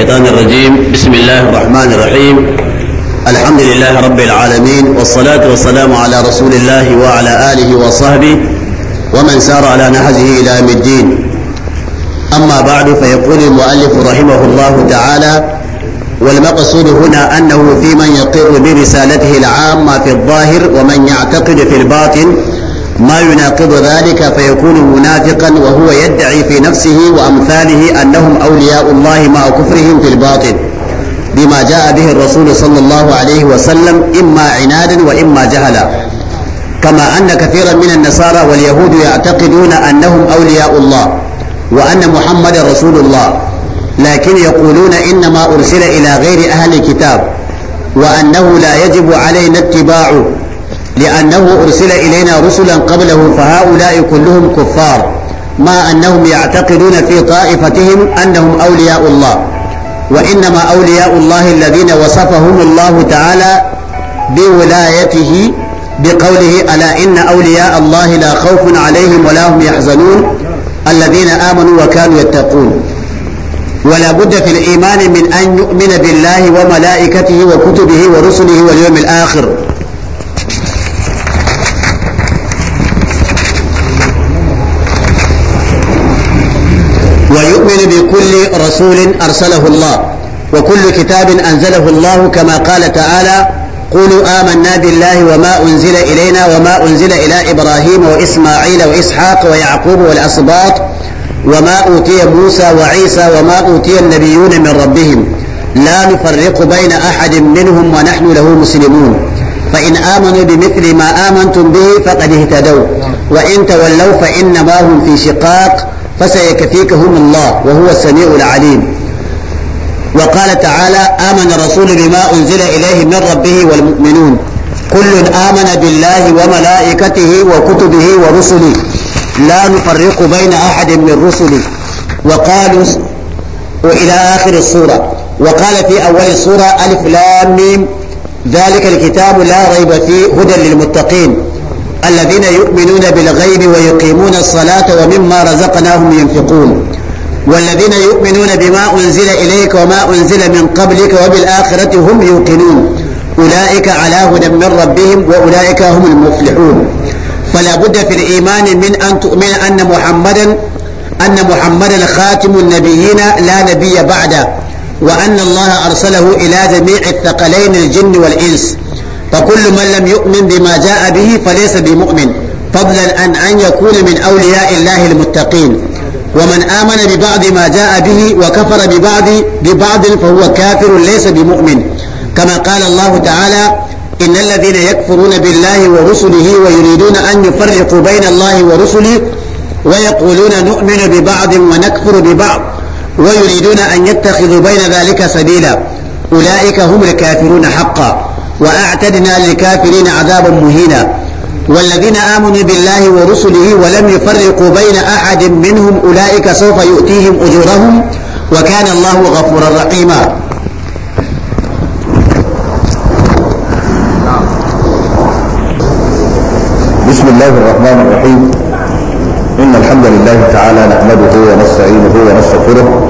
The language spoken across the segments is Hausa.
الشيطان الرجيم بسم الله الرحمن الرحيم الحمد لله رب العالمين والصلاة والسلام على رسول الله وعلى آله وصحبه ومن سار على نهجه إلى يوم الدين أما بعد فيقول المؤلف رحمه الله تعالى والمقصود هنا أنه في من يقر برسالته العامة في الظاهر ومن يعتقد في الباطن ما يناقض ذلك فيكون منافقا وهو يدعي في نفسه وأمثاله أنهم أولياء الله مع كفرهم في الباطن بما جاء به الرسول صلى الله عليه وسلم إما عنادا وإما جهلا كما أن كثيرا من النصارى واليهود يعتقدون أنهم أولياء الله وأن محمد رسول الله لكن يقولون إنما أرسل إلى غير أهل الكتاب وأنه لا يجب علينا اتباعه لأنه أرسل إلينا رسلا قبله فهؤلاء كلهم كفار ما أنهم يعتقدون في طائفتهم أنهم أولياء الله وإنما أولياء الله الذين وصفهم الله تعالى بولايته بقوله ألا إن أولياء الله لا خوف عليهم ولا هم يحزنون الذين آمنوا وكانوا يتقون ولا بد في الإيمان من أن يؤمن بالله وملائكته وكتبه ورسله واليوم الآخر ويؤمن بكل رسول أرسله الله وكل كتاب أنزله الله كما قال تعالى قولوا آمنا بالله وما أنزل إلينا وما أنزل إلى إبراهيم وإسماعيل وإسحاق ويعقوب والأسباط وما أوتي موسى وعيسى وما أوتي النبيون من ربهم لا نفرق بين أحد منهم ونحن له مسلمون فإن آمنوا بمثل ما آمنتم به فقد اهتدوا وإن تولوا فإنما هم في شقاق فسيكفيكهم الله وهو السميع العليم وقال تعالى آمن الرسول بما أنزل إليه من ربه والمؤمنون كل آمن بالله وملائكته وكتبه ورسله لا نفرق بين أحد من رسله وقالوا وإلى آخر السورة وقال في أول السورة ألف لام ميم ذلك الكتاب لا ريب فيه هدى للمتقين الذين يؤمنون بالغيب ويقيمون الصلاة ومما رزقناهم ينفقون والذين يؤمنون بما أنزل إليك وما أنزل من قبلك وبالآخرة هم يوقنون أولئك على هدى من ربهم وأولئك هم المفلحون فلا بد في الإيمان من أن تؤمن أن محمدا أن محمدا خاتم النبيين لا نبي بعده وأن الله أرسله إلى جميع الثقلين الجن والإنس فكل من لم يؤمن بما جاء به فليس بمؤمن فضلا أن أن يكون من أولياء الله المتقين ومن آمن ببعض ما جاء به وكفر ببعض ببعض فهو كافر ليس بمؤمن كما قال الله تعالى إن الذين يكفرون بالله ورسله ويريدون أن يفرقوا بين الله ورسله ويقولون نؤمن ببعض ونكفر ببعض ويريدون أن يتخذوا بين ذلك سبيلا أولئك هم الكافرون حقا وأعتدنا للكافرين عذابا مهينا والذين آمنوا بالله ورسله ولم يفرقوا بين أحد منهم أولئك سوف يؤتيهم أجورهم وكان الله غفورا رحيما بسم الله الرحمن الرحيم إن الحمد لله تعالى نحمده ونستعينه ونستغفره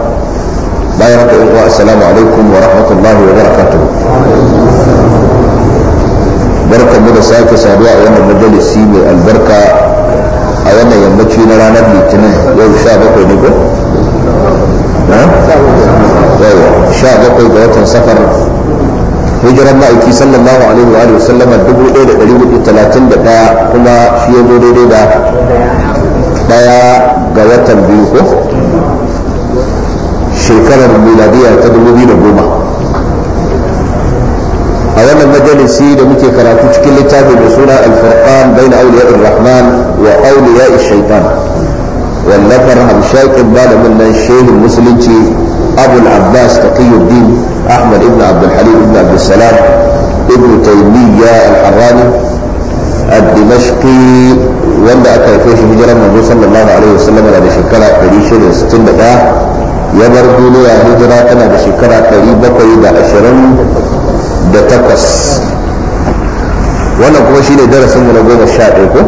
bayan haka yan assalamu alaikum wa rahmatullahi wa barakatuh da sake saduwa a wannan majalisi mai albarka a wannan yammaci na ranar litinin yau sha bakwai ne ko sha bakwai ga watan safar hijiran ma'aiki sallallahu alaihi wa sallama kuma shi daidai da ga watan biyu ko shekarar miladiya ta 2010 a wannan majalisi da muke karatu cikin littafi mai suna alfarqan baina awliya rahman wa awliya shaitan wallafar hamshakin malamin nan shehin musulunci abul abbas taqiyuddin ahmad ibn abdul halim ibn abdul salam ابن تيمية الحراني الدمشقي وند أكا يفيش هجرة من صلى الله عليه وسلم على شكرا قريش ستين دقاء ya bar duniya hijira tana da shekara 728 wannan kuma shine darasin mu na goma sha ɗaya ko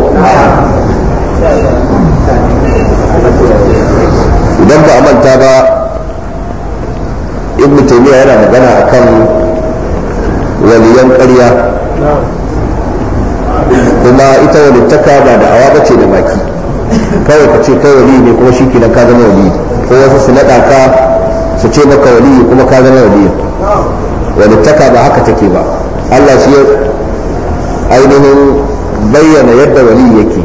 idan ba a manta ba ibn taymiya yana magana akan waliyan ƙarya kuma ita walittaka ba da awa bace da baki kawai ka ce kai wali ne kuma shi kenan ka zama wali ko wasu su naɗa ka su ce maka wali kuma ka zama wani taka ba haka take ba Allah shi ainihin bayyana yadda waliyi yake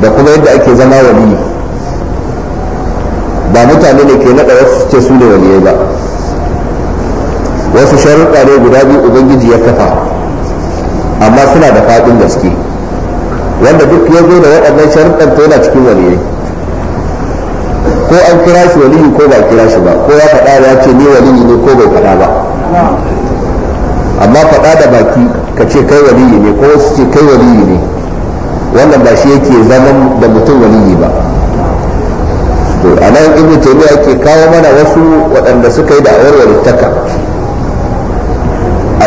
da kuma yadda ake zama wali ba mutane ne ke naɗa wasu ce su ne waliyai ba wasu sharuɗa ne guda biyu ubangiji ya kafa amma suna da faɗin gaske wanda duk ya zo da waɗannan sharuɗan to yana cikin waliyai ko an kira shi waliyu ko ba kira shi ba ko ya faɗa ya ce ni waliyu ne ko bai faɗa ba amma faɗa da baki ka ce kai waliyu ne ko su ce kai waliyu ne wannan ba shi yake zaman da mutum waliyu ba to a nan ibnu taymiya yake kawo mana wasu waɗanda suka yi da'awar walittaka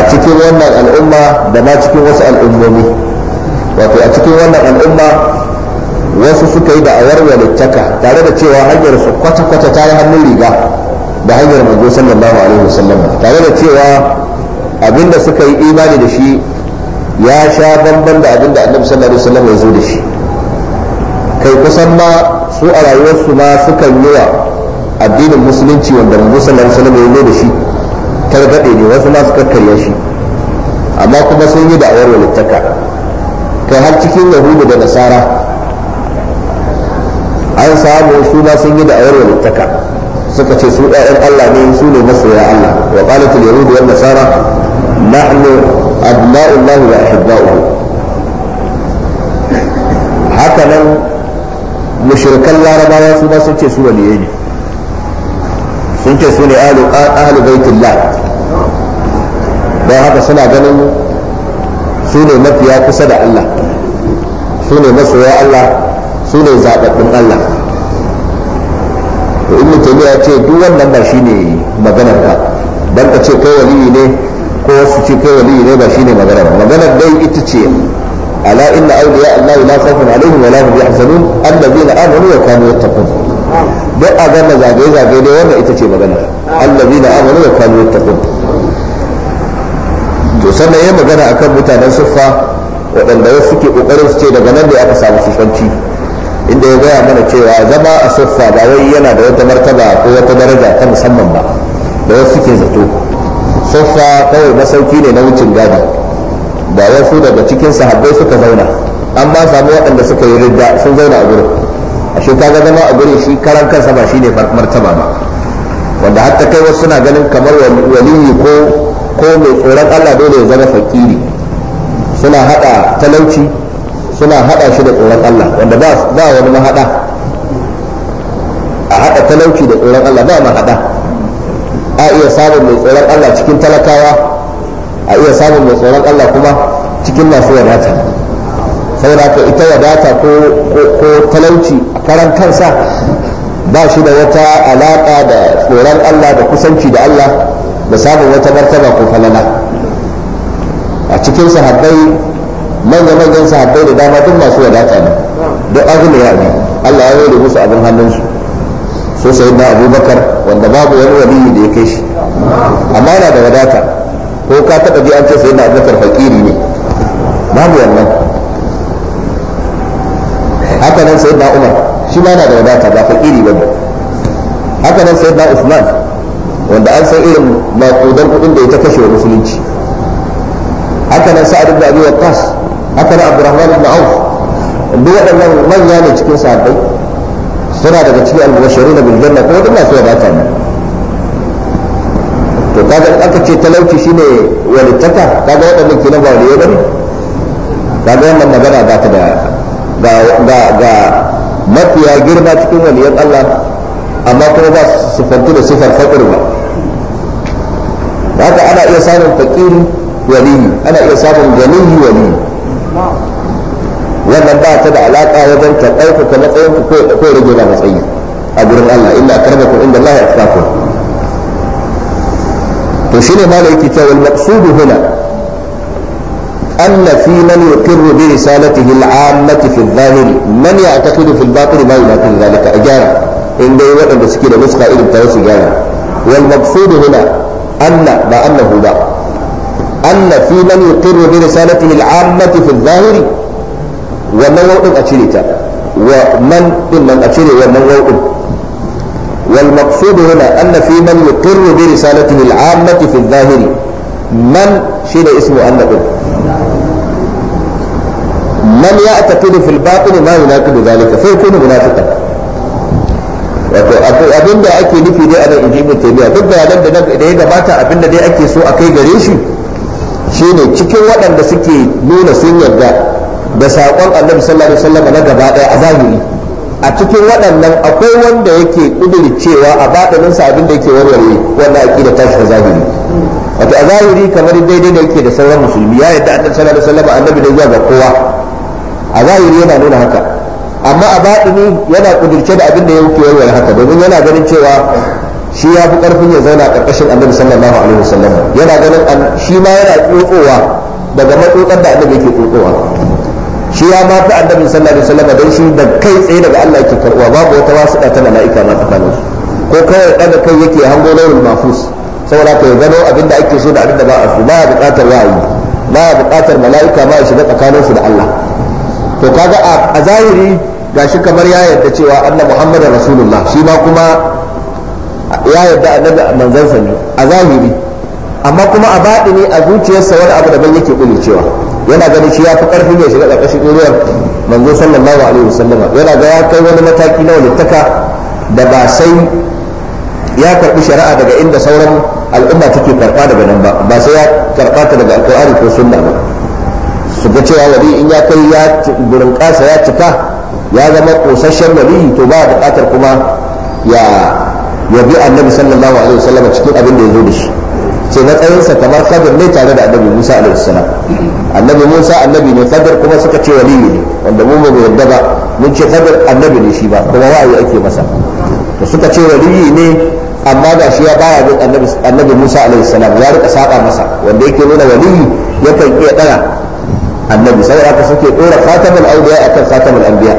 a cikin wannan al'umma da ma cikin wasu al'ummomi wato a cikin wannan al'umma wasu suka yi da'awar walittaka tare da cewa hanyar su kwata-kwata ta yi hannun riga da hanyar manzo sallallahu alaihi wasallam tare da cewa abinda suka yi imani da shi ya sha bamban da abinda annabi sallallahu alaihi wasallam ya zo da shi kai kusan ma su a rayuwarsu ma sukan yi wa addinin musulunci wanda manzo sallallahu alaihi wasallam ya zo da shi targaɗe ne wasu ma su kakkarya shi amma kuma sun yi da'awar walittaka kai har cikin yahudu da nasara an samu su ma sun yi da ayar walittaka suka ce su ɗayan Allah ne su ne masoya Allah wa qalat al yahud wal nasara nahnu abna'u Allah wa ahibba'uhu haka nan mushrikan larabawa su ma sun ce su waliyai ne sun ce su ne ahlu baitillah don haka suna ganin su ne mafiya kusa da Allah su ne masoya Allah su ne zaɓaɓɓun Allah to ibnu taymiya ce duk wannan ba shine maganar ka dan ka ce kai waliyi ne ko su ce kai waliyi ne ba shine maganar maganar dai ita ce ala inna awliya allah la khawfun alaihim wa la hum yahzanun alladhina amanu wa kanu yattaqun duk a ganna zagaye zagaye dai wannan ita ce maganar alladhina amanu wa kanu yattaqun to sannan yayin magana akan mutanen suffa waɗanda wasu ke ƙoƙarin su ce daga nan ne aka samu sifanci gaya mana cewa zama a siffa ba wai yana da wata martaba ko wata daraja ta musamman ba da wasu ke zato siffa kawai masauki ne na wucin gada da wasu daga cikin sahabbai suka zauna an ba samu waɗanda suka yi ridda sun zauna a gurin ashe kaga zama a gurin shi karan kansa ba shine martaba ba wanda hatta kai wasu suna ganin kamar waliyi ko ko mai tsoron Allah dole ya zama fakiri suna hada talauci suna hada shi da tsoron Allah wanda ba wani mahaɗa a hada talauci da tsoron Allah ba mahaɗa a iya samun mai tsoron Allah cikin talakawa a iya samun mai tsoron Allah kuma cikin masu wadata saboda ka ita wadata ko talauci a karan kansa ba shi da wata alaƙa da tsoron Allah da kusanci da Allah da samun wata martaba ko falala a cikin sahabbai manya-manyan sahabbai da dama duk masu wadata ne duk azumi ya ne Allah ya yi musu abin hannunsu so sai da abubakar wanda babu wani waliyi da ya kai shi amma yana da wadata ko ka taɓa ji an ce sai da abubakar fakiri ne babu wannan haka nan sai da umar shi ma yana da wadata ba fakiri ba haka nan sai da usman wanda an san irin maƙudan kuɗin da ya ta kashe wa musulunci haka nan sa'ad ibn abi waqqas haka da abdurrahman ibn auf duk waɗannan manya ne cikin sahabbai suna daga cikin al-bashirin bil janna ko duk masu wadata ne to kaga aka ce talauci shine walittaka kaga waɗannan kenan ba waliyai bane kaga wannan magana ba ta da ga ga ga mafiya girma cikin waliyan Allah amma kuma ba su sifantu da sifar faƙir ba haka ana iya samun faƙiri waliyi ana iya samun ganiyi waliyi wannan ba ta da alaka wajen ta ɗaukaka matsayin ku ko rage ba matsayi a gurin Allah illa karbakum inda Allah ya tsaka to shine ma yake cewa wal maqsudu huna أن في من يقر برسالته العامة في الظاهر من يعتقد في الباطن ما يناقض ذلك أجارة إن دي وقت بسكين نسخة إلى التوسي والمقصود هنا أن ما أنه لا أن في من يقر برسالته العامة في الظاهر wannan wau a cire ta wa man din nan a cire wannan wau din wal maqsud huna anna fi man yuqirru bi risalatihi al-ammati fi adh-dhahiri man shi da ismu annabin man ya'taqidu fil batin ma yunaqidu dhalika fa yakunu munafiqan wato abin da ake nufi dai a nan inji ibn duk da da da ya gabata abin da dai ake so a kai gare shi shine cikin waɗanda suke nuna sun yarda da saƙon annabi sallallahu alaihi wasallam na gaba ɗaya a zahiri a cikin waɗannan akwai wanda yake ƙudiri cewa a sa abin da yake warware wannan aƙida tashi shi zahiri wato a zahiri kamar daidai da yake da sauran musulmi ya yadda annabi sallallahu alaihi wasallam annabi da zuwa ga kowa a zahiri yana nuna haka amma a baɗini yana ƙudirce da abin da yake warware haka domin yana ganin cewa shi ya fi ƙarfin ya zauna ƙarƙashin annabi sallallahu alaihi wasallam yana ganin shi ma yana tsotsowa daga matsotsar da annabi yake tsotsowa shi ya ba ta annabi sallallahu alaihi wasallam dan shi da kai tsaye daga Allah yake karbuwa babu wata wasiƙa ta mala'ika ma ta su ko kawai daga kai yake hango laurul mafus saboda ka ya gano abin da ake so da abin da ba a so ba ya buƙatar wa'ayi ba ya buƙatar mala'ika ma ya shiga tsakanin su da Allah to kaga a zahiri gashi kamar ya yarda cewa annabi Muhammadu rasulullah shi ma kuma ya yarda annabi manzon sa ne a zahiri amma kuma a baɗi ne a zuciyarsa wani abu daban yake ƙulicewa cewa yana ganin shi ya fi karfin ya shiga ƙarƙashin ɗoriyar manzo sallallahu alaihi wasallam yana ga ya kai wani mataki na walittaka da ba sai ya karɓi shari'a daga inda sauran al'umma take karɓa daga nan ba ba sai ya karɓa ta daga alƙur'ani ko sunna ba su ga cewa wani in ya kai ya gurin ya cika ya zama ƙosasshen wani to ba buƙatar kuma ya ya bi annabi sallallahu alaihi wasallam cikin abin da ya zo da shi ce matsayinsa kamar Fadar ne tare da annabi musa alaihi salam annabi musa annabi ne Fadar kuma suka ce waliyi ne wanda mu bai yadda ba mun ce Fadar, annabi ne shi ba kuma wa'ayi ake masa to suka ce waliyi ne amma da shi ya baya bin annabi annabi musa alaihi salam ya rika saba masa wanda yake nuna waliyi yakan iya dana annabi saboda haka suke dora khatamul awliya akan khatamul anbiya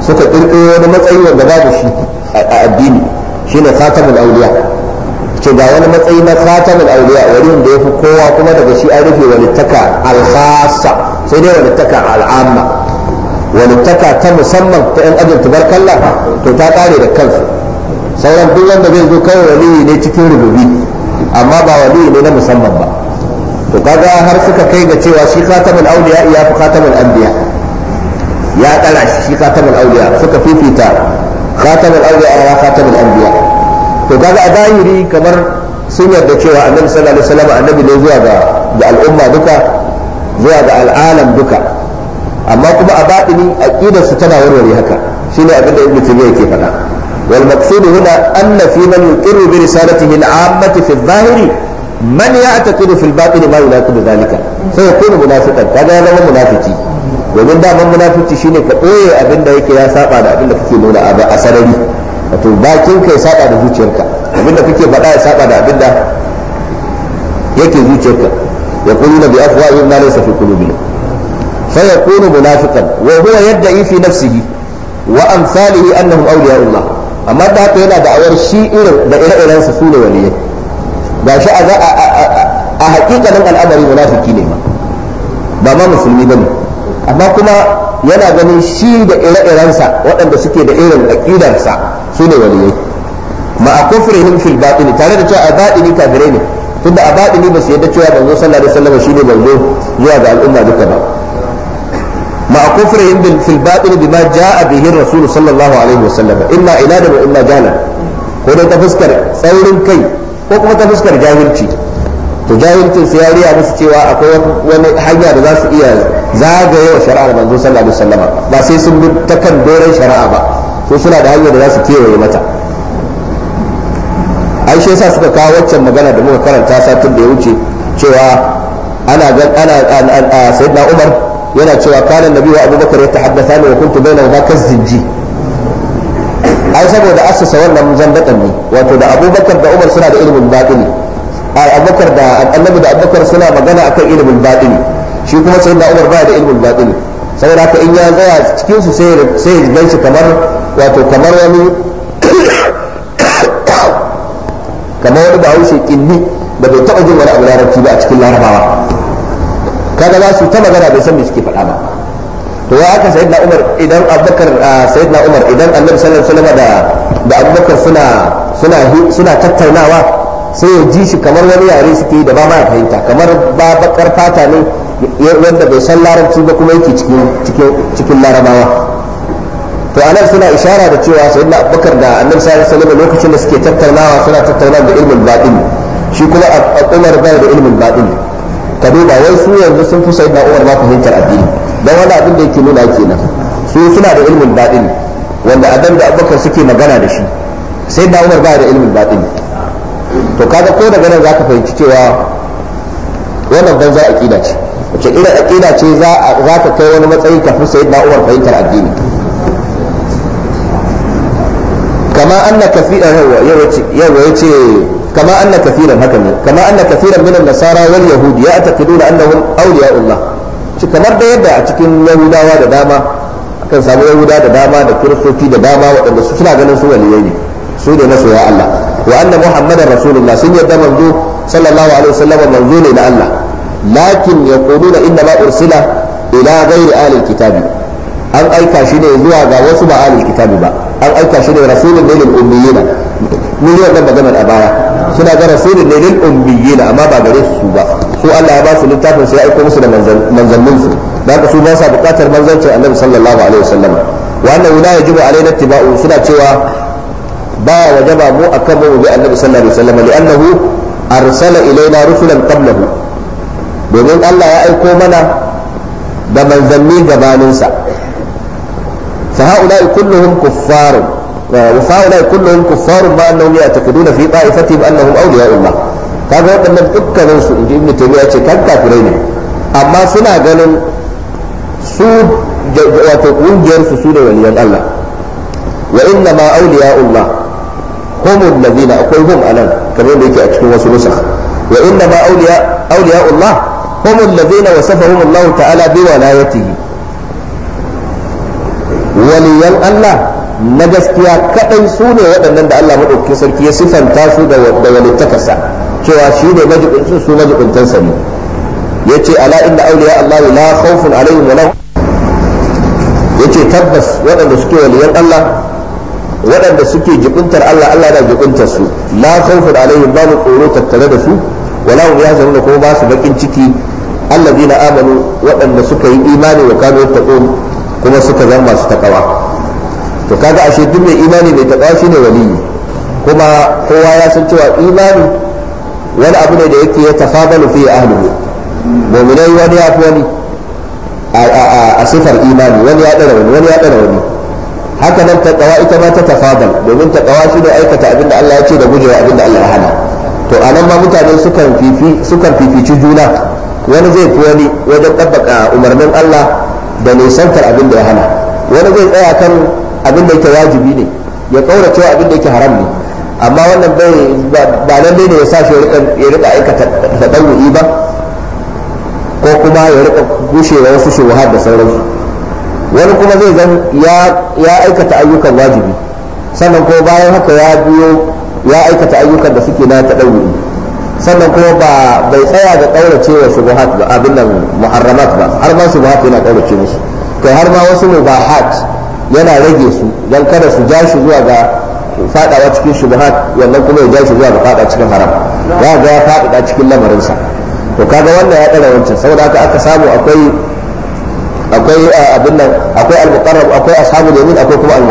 suka kirkiro wani matsayi wanda babu shi a addini shine khatamul awliya ce ga wani matsayi na khatamul wani wanda ya fi kowa kuma daga shi an rufe wani al-khassa sai dai taka al'amma, wani taka ta musamman ta yan ajin tubarkalla to ta kare da kansu sauran duk wanda zai zo kawai yi ne cikin rububi amma ba yi ne na musamman ba to kaga har suka kai ga cewa shi khatamul awliya ya fi khatamul anbiya ya kara shi khatamul awliya suka fifita khatamul awliya ya khatamul anbiya to kaga a zahiri kamar sun yarda cewa annabi sallallahu alaihi wasallam annabi ne zuwa ga ga al'umma duka zuwa ga al'alam duka amma kuma a batini aqidar su tana warware haka shine abin da ibnu tabiya yake faɗa wal maqsud huna anna fi man yuqirru bi risalatihi al'ammati fi adh-dhahiri man ya'taqidu fi al-batin ma yulaqibu dhalika sai yakunu munafiqan kaga ya zama munafiki domin daman munafici shine ka ɓoye abin da yake ya saba da abin da kake nuna a sarari wato bakin ka ya saba da zuciyarka abinda kake faɗa ya saba da abinda yake zuciyarka ya kuma na bi afwahihim ma laysa fi sai fa yakunu munafiqan wa huwa yad'i fi nafsihi wa amsalihi annahum Allah amma da haka yana da'awar shi irin da ire-iren su su ne waliyai ga shi a hakikalin al'amari munafiki ne ma ba ma musulmi bane amma kuma yana ganin shi da ire-irensa waɗanda suke da irin sa su ne waliyai ma a kufrihim fil batin tare da cewa a batini kafirai ne tunda a batini ba su yadda cewa manzo sallallahu alaihi wasallam shine manzo zuwa ga al'umma duka ba ma a kufrihim fil batin bima jaa bihi rasul sallallahu alaihi wasallam inna ilada wa inna jahla ko dai ta fuskar tsaurin kai ko kuma ta fuskar jahilci to jahilcin su ya riya musu cewa akwai wani hanya da za su iya zagaye wa shari'ar manzo sallallahu alaihi wasallam ba sai sun bi ta kan doren shari'a ba ko suna da hanyar da za su kewaye mata ai shi yasa suka kawo waccan magana da muka karanta satin da ya wuce cewa ana gan ana sayyidina umar yana cewa kana nabi wa abubakar ya tahaddatha ni wa kuntu bainahuma kazzibji ai saboda assasa wannan zandakan ne wato da abubakar da umar suna da ilimin batini ai abubakar da annabi da abubakar suna magana akan ilimin batini shi kuma sayyidina umar baya da ilimin batini saboda haka in ya tsaya cikin su sai ya gan shi kamar wato kamar wani kamar wani bahaushe kinni da bai taɓa jin wani abu larabci ba a cikin larabawa kaga za su ta magana bai san me suke faɗa ba to ya haka sayyidina umar idan abubakar sayyidina umar idan annabi sallallahu alaihi wasallam da da abubakar suna suna suna tattaunawa sai ya ji shi kamar wani yare suke da ba ma fahimta kamar ba bakar fata ne wanda bai san larabci ba kuma yake cikin larabawa to a nan suna ishara da cewa sai na abubakar da annan sallallahu alaihi wasallam lokacin da suke tattaunawa suna tattaunawa da ilmin batin shi kuma a umar bai da ilmin batin ka duba wai su yanzu sun fi da umar ma fahimtar addini dan wani abin da yake nuna kenan su suna da ilmin batin wanda adam da abubakar suke magana da shi sai da umar bai da ilmin batin to kaga ko daga nan zaka fahimci cewa wannan banza aqida ce wace irin aqida ce za ka kai wani matsayi kafin sayyidina umar fahimtar addini kama anna kafiran yawa yace kama anna kafiran haka ne kama anna kafiran min nasara wal yahudi ya'taqiduna annahum awliya'ullah ci kamar da yadda a cikin yahudawa da dama akan samu yahuda da dama da kiristoci da dama waɗanda su suna ganin su waliyai ne su ne masoya Allah wa anna muhammadar rasulullah sun yadda manzo sallallahu alaihi wasallam manzo ne na Allah lakin yaquluna inna ma ursila ila ghairi ahli kitabi an aika shi zuwa ga wasu ba ahli kitabi ba an aika shi rasulun ne ummiyina mun yi wannan maganar a baya suna ga rasulun ne ummiyina amma ba gare su ba su Allah ya basu su littafin sai ya aiko musu da manzannin su da haka su ba sa bukatar manzancin Annabi sallallahu alaihi wasallam wa annahu la yajibu alaina ittiba'u suna cewa ba wajaba mu akan mu bi sallallahu arsala ilaina rusulan qablahu domin Allah ya aiko mana da manzanni gabaninsa fa haula'i kulluhum kuffarun wa haula'i kulluhum kuffarun ma annahum ya'taqiduna fi ta'ifatihim annahum awliya'ullah kaga waɗannan dukkanin su inji ibnu ce kan kafirai ne amma suna ganin su wato kungiyar su su da waliyan Allah wa inna ma awliya'ullah hum alladhina akwai hum anan kamar da yake a cikin wasu nusa wa هم الذين وصفهم الله تعالى بولايته وليا الله na gaskiya kaɗai su ne waɗannan da Allah maɗauki sarki ya sifanta su da walittakarsa cewa shi ne majibincin su majibintansa ne ya ce ala inda auliya Allah la khawfun alaihim wa ya ce tabbas waɗanda suke waliyan Allah waɗanda suke jibintar Allah Allah na jibintar su la khawfun alaihim babu tsoro tattare da su wala hum da kuma basu bakin ciki alladina amanu waɗanda suka yi imani wa kanu yattaqun kuma suka zama masu takawa to kaga ashe duk mai imani mai takawa shine waliyi kuma kowa ya san cewa imani wani abu ne da yake ya tafabalu wani ya fi wani a imani wani ya wani wani ya wani haka nan takawa ita ma ta tafadal domin takawa shine aikata abin da Allah ya ce da gujewa abin da Allah ya hana to anan ma mutane sukan fifi sukan fifici juna wani zai fi wani wajen ɗabbaka umarnin Allah da nisantar abin da ya hana wani zai tsaya kan abin da yake wajibi ne ya kaura cewa abin da yake haram ne amma wannan bai ba lallai ne ya sa shi ya rika aikata tsadawu'i ba ko kuma ya rika gushewa wasu shubuhar da sauransu wani kuma zai zan ya aikata ayyukan wajibi sannan ko bayan haka ya biyo ya aikata ayyukan da suke na tsadawu'i sannan kuma ba bai tsaya ga kaurace wa shubuhat ba abin nan muharramat ba har ma shubuhat yana kaurace musu to har ma wasu mubahat yana rage su dan kada su ja shi zuwa ga fadawa cikin shubuhat wannan kuma ya ja shi zuwa ga fada cikin haram ya ga ya fada cikin lamarinsa to kaga wannan ya dara wancan saboda haka aka samu akwai akwai abin akwai al-muqarrab akwai ashabul yamin akwai kuma al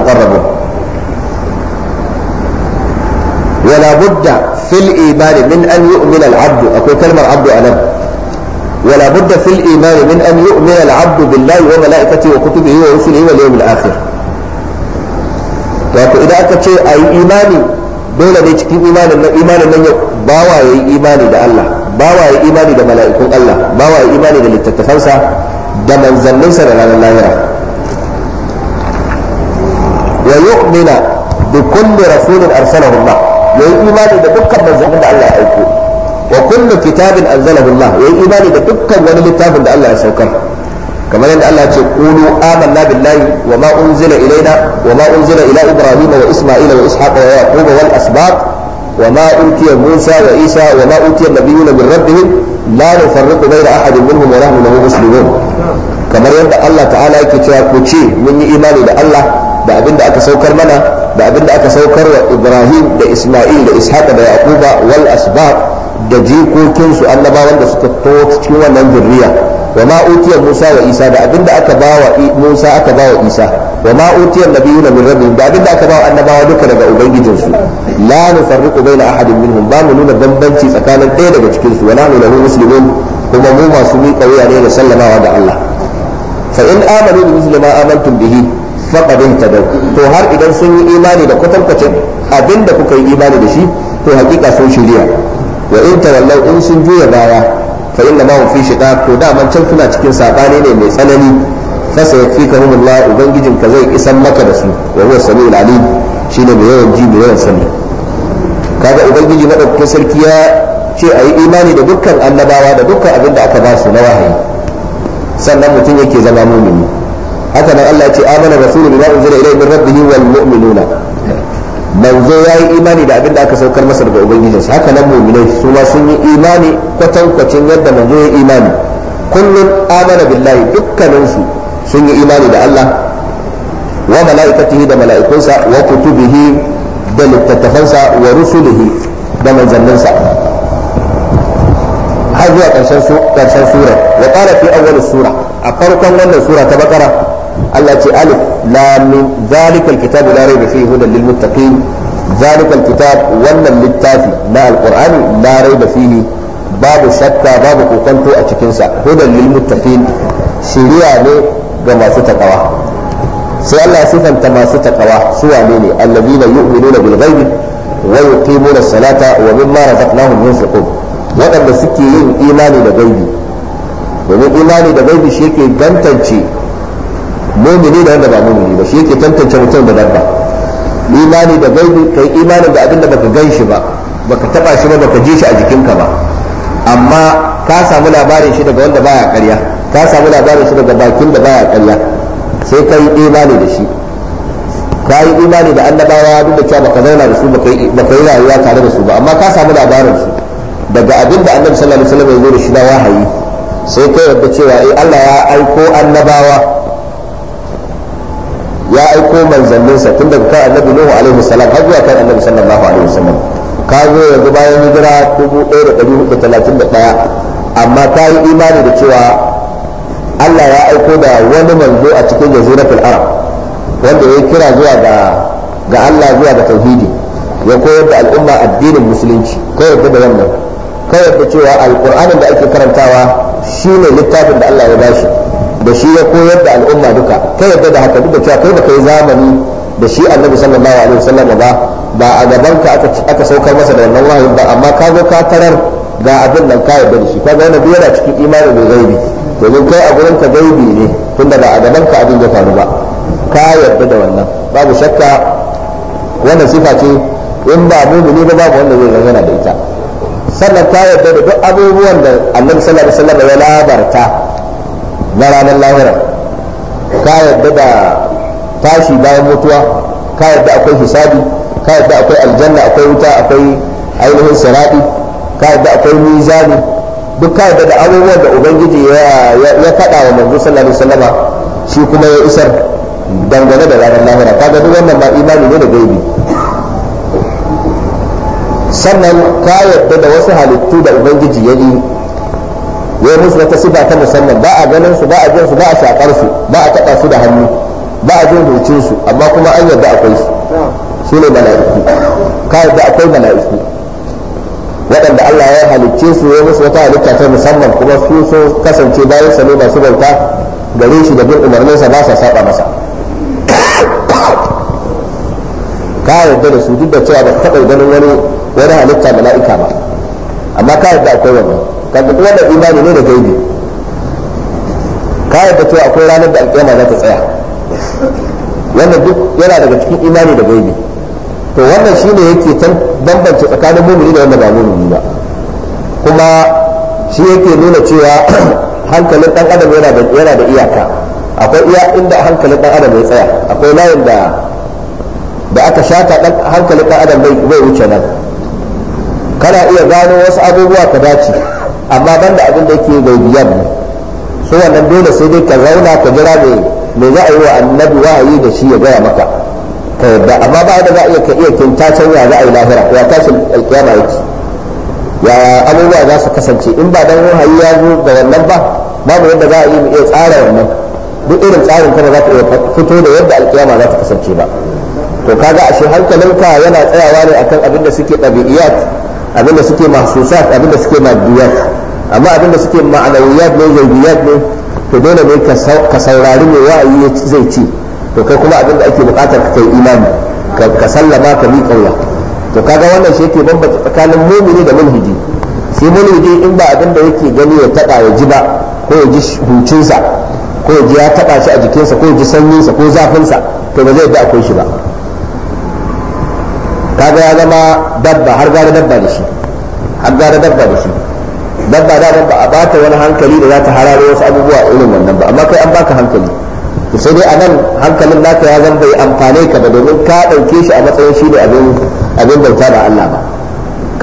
ولا بد في الإيمان من أن يؤمن العبد أقول كلمة العبد أنا ولا بد في الإيمان من أن يؤمن العبد بالله وملائكته وكتبه ورسله واليوم الآخر wato idan aka ce a yi imani dole ne cikin imanin nan imanin nan bawa ya yi imani da Allah bawa ya yi imani da mala'ikun Allah bawa ya yi imani da littattafansa da manzanninsa da ranar lahira wa yu'mina bi kulli rasulin arsalahu Allah ya yi imani da dukkan manzannin da Allah ya aiko wa kullu kitabin anzalahu Allah ya yi imani da dukkan wani littafin da Allah ya saukar kamar yadda Allah ce qulu amanna billahi wa ma unzila ilaina wa ma unzila ila ibrahima wa isma'ila wa ishaqa wa yaquba wal asbab wa ma utiya musa wa isa wa ma utiya nabiyuna min rabbihim la nufarriqu bayna ahadin minhum wa nahnu lahu muslimun kamar yadda Allah ta'ala yake cewa ku ce mun yi imani da Allah da abin da aka saukar mana da abin da aka saukar wa ibrahim da isma'il da ishaqa da yaquba wal asbab da jikokinsu annabawan da suka to cikin wannan zurriya wa ma utiya musa wa isa da abin da aka bawa musa aka bawa isa wa ma utiya nabiyuna min rabbihim da abin da aka bawa annabawa duka daga ubangijinsu la nufarriqu baina ahadin minhum ba mu nuna bambanci tsakanin ɗaya daga cikin su wa nahnu kuma mu masu miƙa wuya ne da sallamawa ga Allah fa in amanu bi muslima amantum bihi ta dau to har idan sun yi imani da kwatankwacin abin da kuka yi imani da shi to hakika sun shirya wa in in sun juya baya fa inna ma fi shida to da man can kuna cikin sabani ne mai tsanani fa ubangijin ka zai isan maka da su wa huwa samiul alim shine mai yawan ji mai yawan sani kaga ubangiji madaukakin sarki ya ce a yi imani da dukkan annabawa da dukkan abin da aka ba su na wahayi sannan mutum yake zama mumini haka nan Allah ya ce amana rasulu bima unzila ilayhi min rabbih wal mu'minuna manzo yayi imani da abin da aka saukar masa daga ubangijinsa haka nan mu'minai su ma sun yi imani kwatankwacin yadda manzo ya imani kullun amana billahi dukkaninsu sun yi imani da Allah wa mala'ikatihi da mala'ikunsa wa kutubihi da littattafansa wa rusulihi da manzanninsa har zuwa ƙarshen surar wa ƙara fi awwal sura a farkon wannan sura ta bakara Allah ce alif lamin zalikal kitab la raiba fihi hudan lil muttaqin zalikal kitab wannan littafi na alqur'ani la raiba fihi babu shakka babu kokanto a cikin sa hudan lil muttaqin shiriya ne ga masu takawa sai Allah sifanta masu takawa su wane ne alladina yu'minuna bil ghaibi wa yuqimuna as-salata wa mimma razaqnahum yunfiqun waɗanda suke yin imani da gaibi domin imani da gaibi shi yake gantance mumini da wanda ba mumini ba shi yake tantance mutum da dabba imani da gaibi kai imani da abinda baka gan shi ba baka taba shi ba baka ji shi a jikinka ba amma ka samu labarin shi daga wanda baya ƙarya ka samu labarin shi daga bakin da baya ƙarya sai ka yi imani da shi ka yi imani da annabawa duk da cewa baka zauna da su baka yi rayuwa tare da su ba amma ka samu labarin su daga abin da annabi sallallahu alaihi wasallam ya zo da shi na wahayi sai kai yadda cewa eh Allah ya aiko annabawa ya aiko manzanninsa tun daga kan annabi nuhu alaihi salam har zuwa kan annabi sallallahu alaihi wasallam ka zo yanzu bayan hijira 1431 amma ka yi imani da cewa Allah ya aiko da wani manzo a cikin jaziratul arab wanda ya kira zuwa ga ga Allah zuwa ga tauhidi ya koyar da al'umma addinin musulunci ka yarda da wannan ka yarda cewa al'kur'anin da ake karantawa shine littafin da Allah ya bashi da shi ya koyar da al'umma duka kai yadda da haka duk da cewa kai baka yi zamani da shi annabi sallallahu alaihi wasallam ba ba a gaban ka aka saukar masa da wannan wahayi ba amma ka zo ka tarar ga abin nan ka yadda da shi kaga wannan duk yana cikin imanin da gaibi domin kai a gurin ka gaibi ne tunda ba a gaban ka abin ya faru ba ka yadda da wannan babu shakka wannan sifa ce in ba mumini ba babu wanda zai gangana da ita sannan ta yadda da duk abubuwan da annabi sallallahu alaihi wasallam ya labarta na ranar lahira ka yarda da tashi bayan mutuwa ka yarda akwai hisabi ka yarda akwai aljanna akwai wuta akwai ainihin sirati ka yarda akwai mizani duk ka yarda da abubuwan da ubangiji ya faɗa wa manzo sallallahu alaihi wasallama shi kuma ya isar dangane da ranar lahira kaga duk wannan ba imani ne da gaibi sannan ka yarda da wasu halittu da ubangiji ya yi ya musu wata sifa ta musamman ba a ganin su ba a jin su ba a shakar su ba a taba su da hannu ba a jin hucin su amma kuma an yarda akwai su su ne mala'iku ka yarda akwai mala'iku waɗanda Allah ya halicce su ya musu wata halitta ta musamman kuma su sun kasance bayan sa ne masu bauta gare shi da bin umarnin sa ba sa saba masa ka yarda da su duk da cewa ba ka taɓa ganin wani wani halitta mala'ika ba amma ka yarda akwai wannan kaga kuma da imani ne da gaibi ka da cewa akwai ranar da alƙiyama za ta tsaya wannan duk yana daga cikin imani da gaibi to wannan shine yake can bambance tsakanin mumini da wanda ba mumini ba kuma shi yake nuna cewa hankalin dan adam yana da yana da iyaka akwai iya inda hankalin dan adam ya tsaya akwai layin da da aka shata dan hankalin dan adam bai wuce nan kana iya gano wasu abubuwa ka dace amma banda abin da yake biyar ne so wannan dole sai dai ka zauna ka jira me me za a yi wa annabi wahayi da shi ya gaya maka ka yadda amma ba da za a iya ka iya kintacen ya za a yi lahira ya tashin alkiyama yake ya abubuwa za su kasance in ba dan wahayi ya zo ga wannan ba babu yadda za a yi mu iya tsara wannan duk irin tsarin kuma za ka iya fito da yadda alkiyama za ta kasance ba to kaga ashe hankalinka yana tsayawa ne akan abin da suke ɗabi'iyat abin da suke mahsusat abin da suke madiyat amma abinda suke ma'anawiyat ne zaibiyat ne to dole ne ka saurari mai wa'ayi zai ce to kai kuma abinda ake bukatar ka kai imani ka sallama ka miƙa wuya to kaga wannan shi yake bambata tsakanin mumini da mulhidi shi mulhidi in ba abinda yake gani ya taba ya ji ba ko ya ji hucinsa ko ya ji ya taba shi a jikinsa ko ya ji sanyinsa ko zafinsa to ba zai da akwai shi ba kaga ya zama dabba har gara dabba da shi har gara dabba da shi dan ba da ba a bata wani hankali da za ta hararo wasu abubuwa irin wannan ba amma kai an baka hankali to sai dai anan hankalin naka ya zan bai amfane ka ba domin ka dauke shi a matsayin shi ne abin abin bauta da Allah ba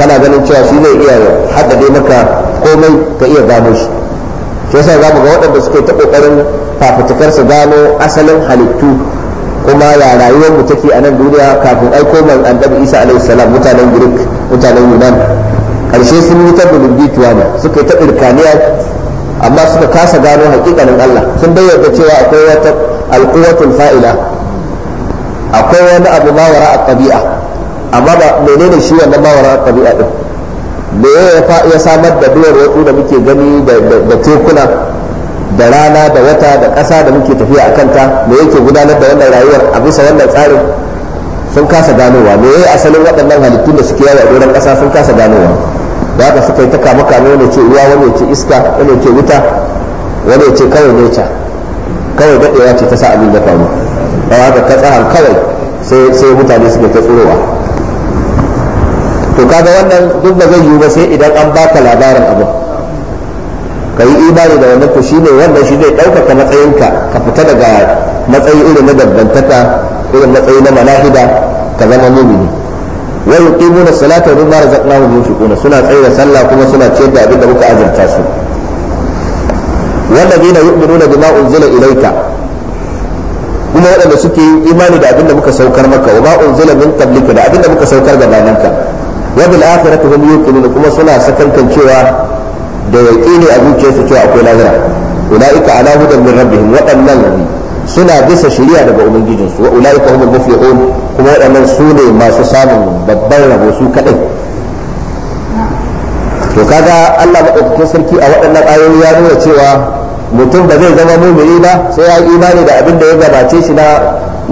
kana ganin cewa shi zai iya haddade maka komai ka iya gano shi sai sai za mu ga waɗanda suke ta kokarin fafutukar su gano asalin halittu kuma ya rayuwar mu take a nan duniya kafin aiko man annabi Isa alaihi salam mutanen Greek mutanen Yunan karshe sun yi ta bituwa ne suka yi ta irkaniya amma suka kasa gano hakikanin Allah sun bayyana cewa akwai wata alquwatul fa'ila akwai wani abu mawara a tabi'a amma ba menene shi wannan mawara a tabi'a din me ya samar da duwar wato da muke gani da tekuna da rana da wata da ƙasa da muke tafiya a ta me yake gudanar da wannan rayuwar a bisa wannan tsarin sun kasa ganowa me ya asalin waɗannan halittun da suke yawo a doron ƙasa sun kasa ganowa da haka suka yi ta kama kama wani ce iya wani ce iska wani ce wuta wani ce kawai neca kawai daɗewa ce ta sa abin da faru da haka ka tsahar kawai sai mutane suke ta tsurowa to kaga wannan duk da zai yiwu ba sai idan an baka labarin abu ka yi imani da wannan to shine wannan shi zai ɗaukaka matsayinka ka fita daga matsayi irin na dangantaka irin matsayi na malahida ka zama mumini wa yuqimuna salata mimma razaqnahum yunfiquna suna tsaye sallah kuma suna ciyar da abin da muka azurta su والذين يؤمنون بما أنزل إليك kuma waɗanda suke yin imani da abinda muka saukar maka wa ma unzila min qablika da abinda muka saukar gabaninka wa bil akhirati hum yuqinun kuma suna sakantancewa cewa da yaqini a zuciyarsu cewa akwai lahira ulaika ala hudan min waɗannan suna bisa shari'a daga ubangijinsu wa ulaika humul muflihun kuma waɗannan su ne masu samun babban rabo su kadai to kaga Allah madaukakin sarki a waɗannan ayoyi ya nuna cewa mutum ba zai zama mumini ba sai ya yi imani da abin da ya gabace shi na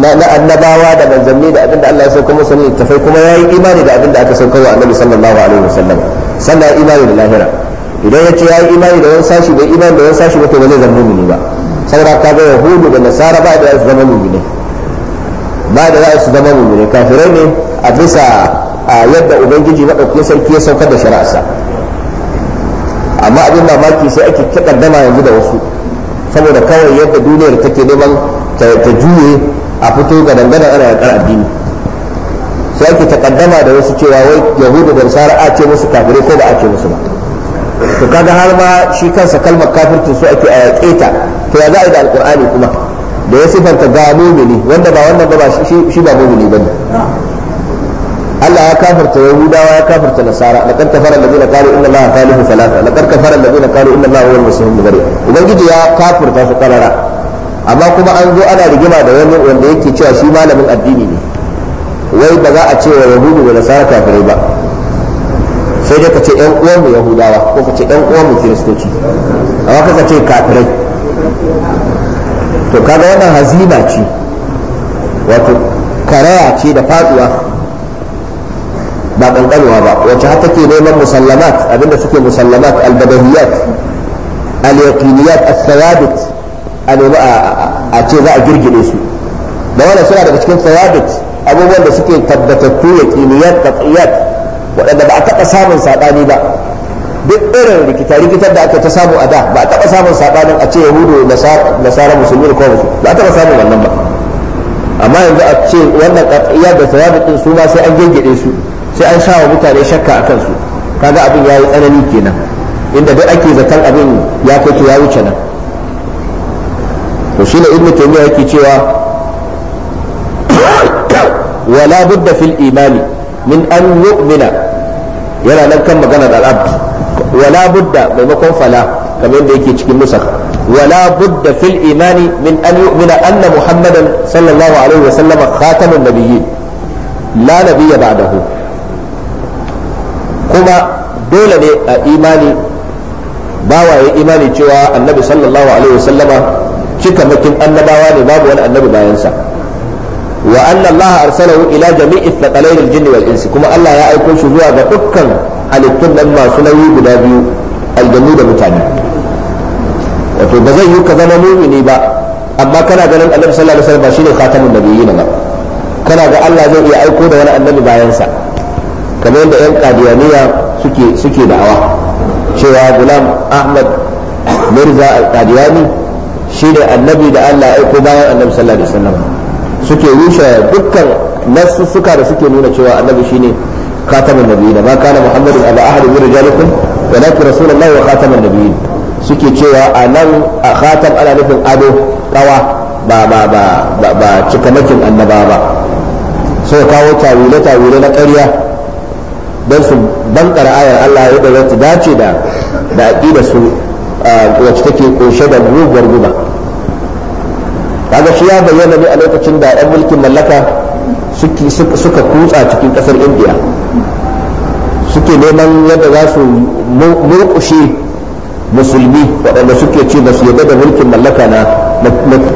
na annabawa da manzanni da abin da Allah ya sauka musu ne tafai kuma ya yi imani da abin da aka sauka wa annabi sallallahu alaihi wasallam sannan imani da lahira idan ya ce ya yi imani da wani sashi bai imani da wani sashi ba to ba zai zama mumini ba saboda ka ga yahudu da nasara ba da zama ba da za su zama mu'minai kafirai ne a bisa a yadda ubangiji madaukakin sarki ya saukar da shari'arsa amma abin mamaki sai ake takaddama yanzu da wasu saboda kawai yadda duniyar take neman ta juye a fito ga dangana ana yakar addini sai ake takaddama da wasu cewa wai yahudu da nasara a ce musu kafirai ko ba a ce musu ba to kaga har ma shi kansa kalmar kafirci su ake a yaƙe ta to ya za a da alkur'ani kuma da ya sifanta ga mumini wanda ba wannan ba shi ba mumini bane Allah ya kafirta Yahudawa ya kafirta Nasara laqad kafara alladhina qalu inna Allaha thalithu thalatha laqad kafara alladhina qalu inna Allaha huwa al-masih ibn Maryam ubangiji ya kafirta su karara amma kuma an zo ana rigima da wani wanda yake cewa shi malamin addini ne wai ba za a ce wa yahudu da nasara kafirai ba sai dai ka ce yan uwan mu yahudawa ko ka ce yan uwan mu kiristoci amma ka ce kafirai to kaga wannan hazina ce wato karaya ce da faduwa ba kankanuwa ba wacce har take neman musallamat abinda suke musallamat albadahiyat al-yaqiniyat al-thawabit a ce za a girgide su da wannan suna daga cikin thawabit abubuwan da suke tabbatattu yaqiniyat qat'iyat waɗanda ba a taɓa samun saɓani ba duk irin rikita-rikitar da aka ta samu a da ba a taɓa samun saɓanin a ce yahudu nasara musulmi da kuma ba a taɓa samun wannan ba amma yanzu a ce wannan ƙarfiya da sayabu ɗin su ma sai an gaggade su sai an shawa mutane shakka a kansu kaga abin ya yi tsanani kenan inda duk ake zaton abin ya kai to ya wuce nan to shi ne ibnu taymiya yake cewa wala budda fil imani min an yu'mina yana nan kan maganar al'abdi wala budda maimakon fala kamar da yake cikin musa wala budda fil imani min an yu'mina anna muhammadan sallallahu alaihi wa sallam khatamun nabiyyin la kuma dole ne a imani bawaye imani cewa annabi sallallahu alaihi wa annabawa ne babu wani annabi bayansa wa anna allaha arsalahu ila jami'i thaqalain al-jinni wal insi kuma Allah ya aiko shi zuwa ga dukkan halittun nan masu nauyi guda biyu aljannu da mutane wato ba zai yi ka zama mumini ba amma kana ganin annabi sallallahu alaihi wasallam ba shine khatamun nabiyyin ba kana ga Allah zai iya aiko da wani annabi bayan sa kamar yadda yan qadiyaniya suke suke da'awa cewa gulam ahmad mirza al-qadiyani shine annabi da Allah ya aiko bayan annabi sallallahu alaihi wasallam suke rushe dukkan nasu suka da suke nuna cewa annabi shine ne خاتم النبيين ما كان محمد أبا أحد من رجالكم ولكن رسول الله وخاتم النبيين suke cewa a nan a khatam ana nufin ado kawa ba ba ba ba cika cikamakin annaba ba sai kawo tawile tawile na ƙarya don su bankara ayar Allah ya da ta dace da da aqida su wacce take kunshe da muguwar guba kaga shi ya bayyana ne a lokacin da ɗan mulkin mallaka suka kutsa cikin kasar indiya suke neman yadda za su murkushe musulmi waɗanda suke ce ba su yadda da mulkin mallaka na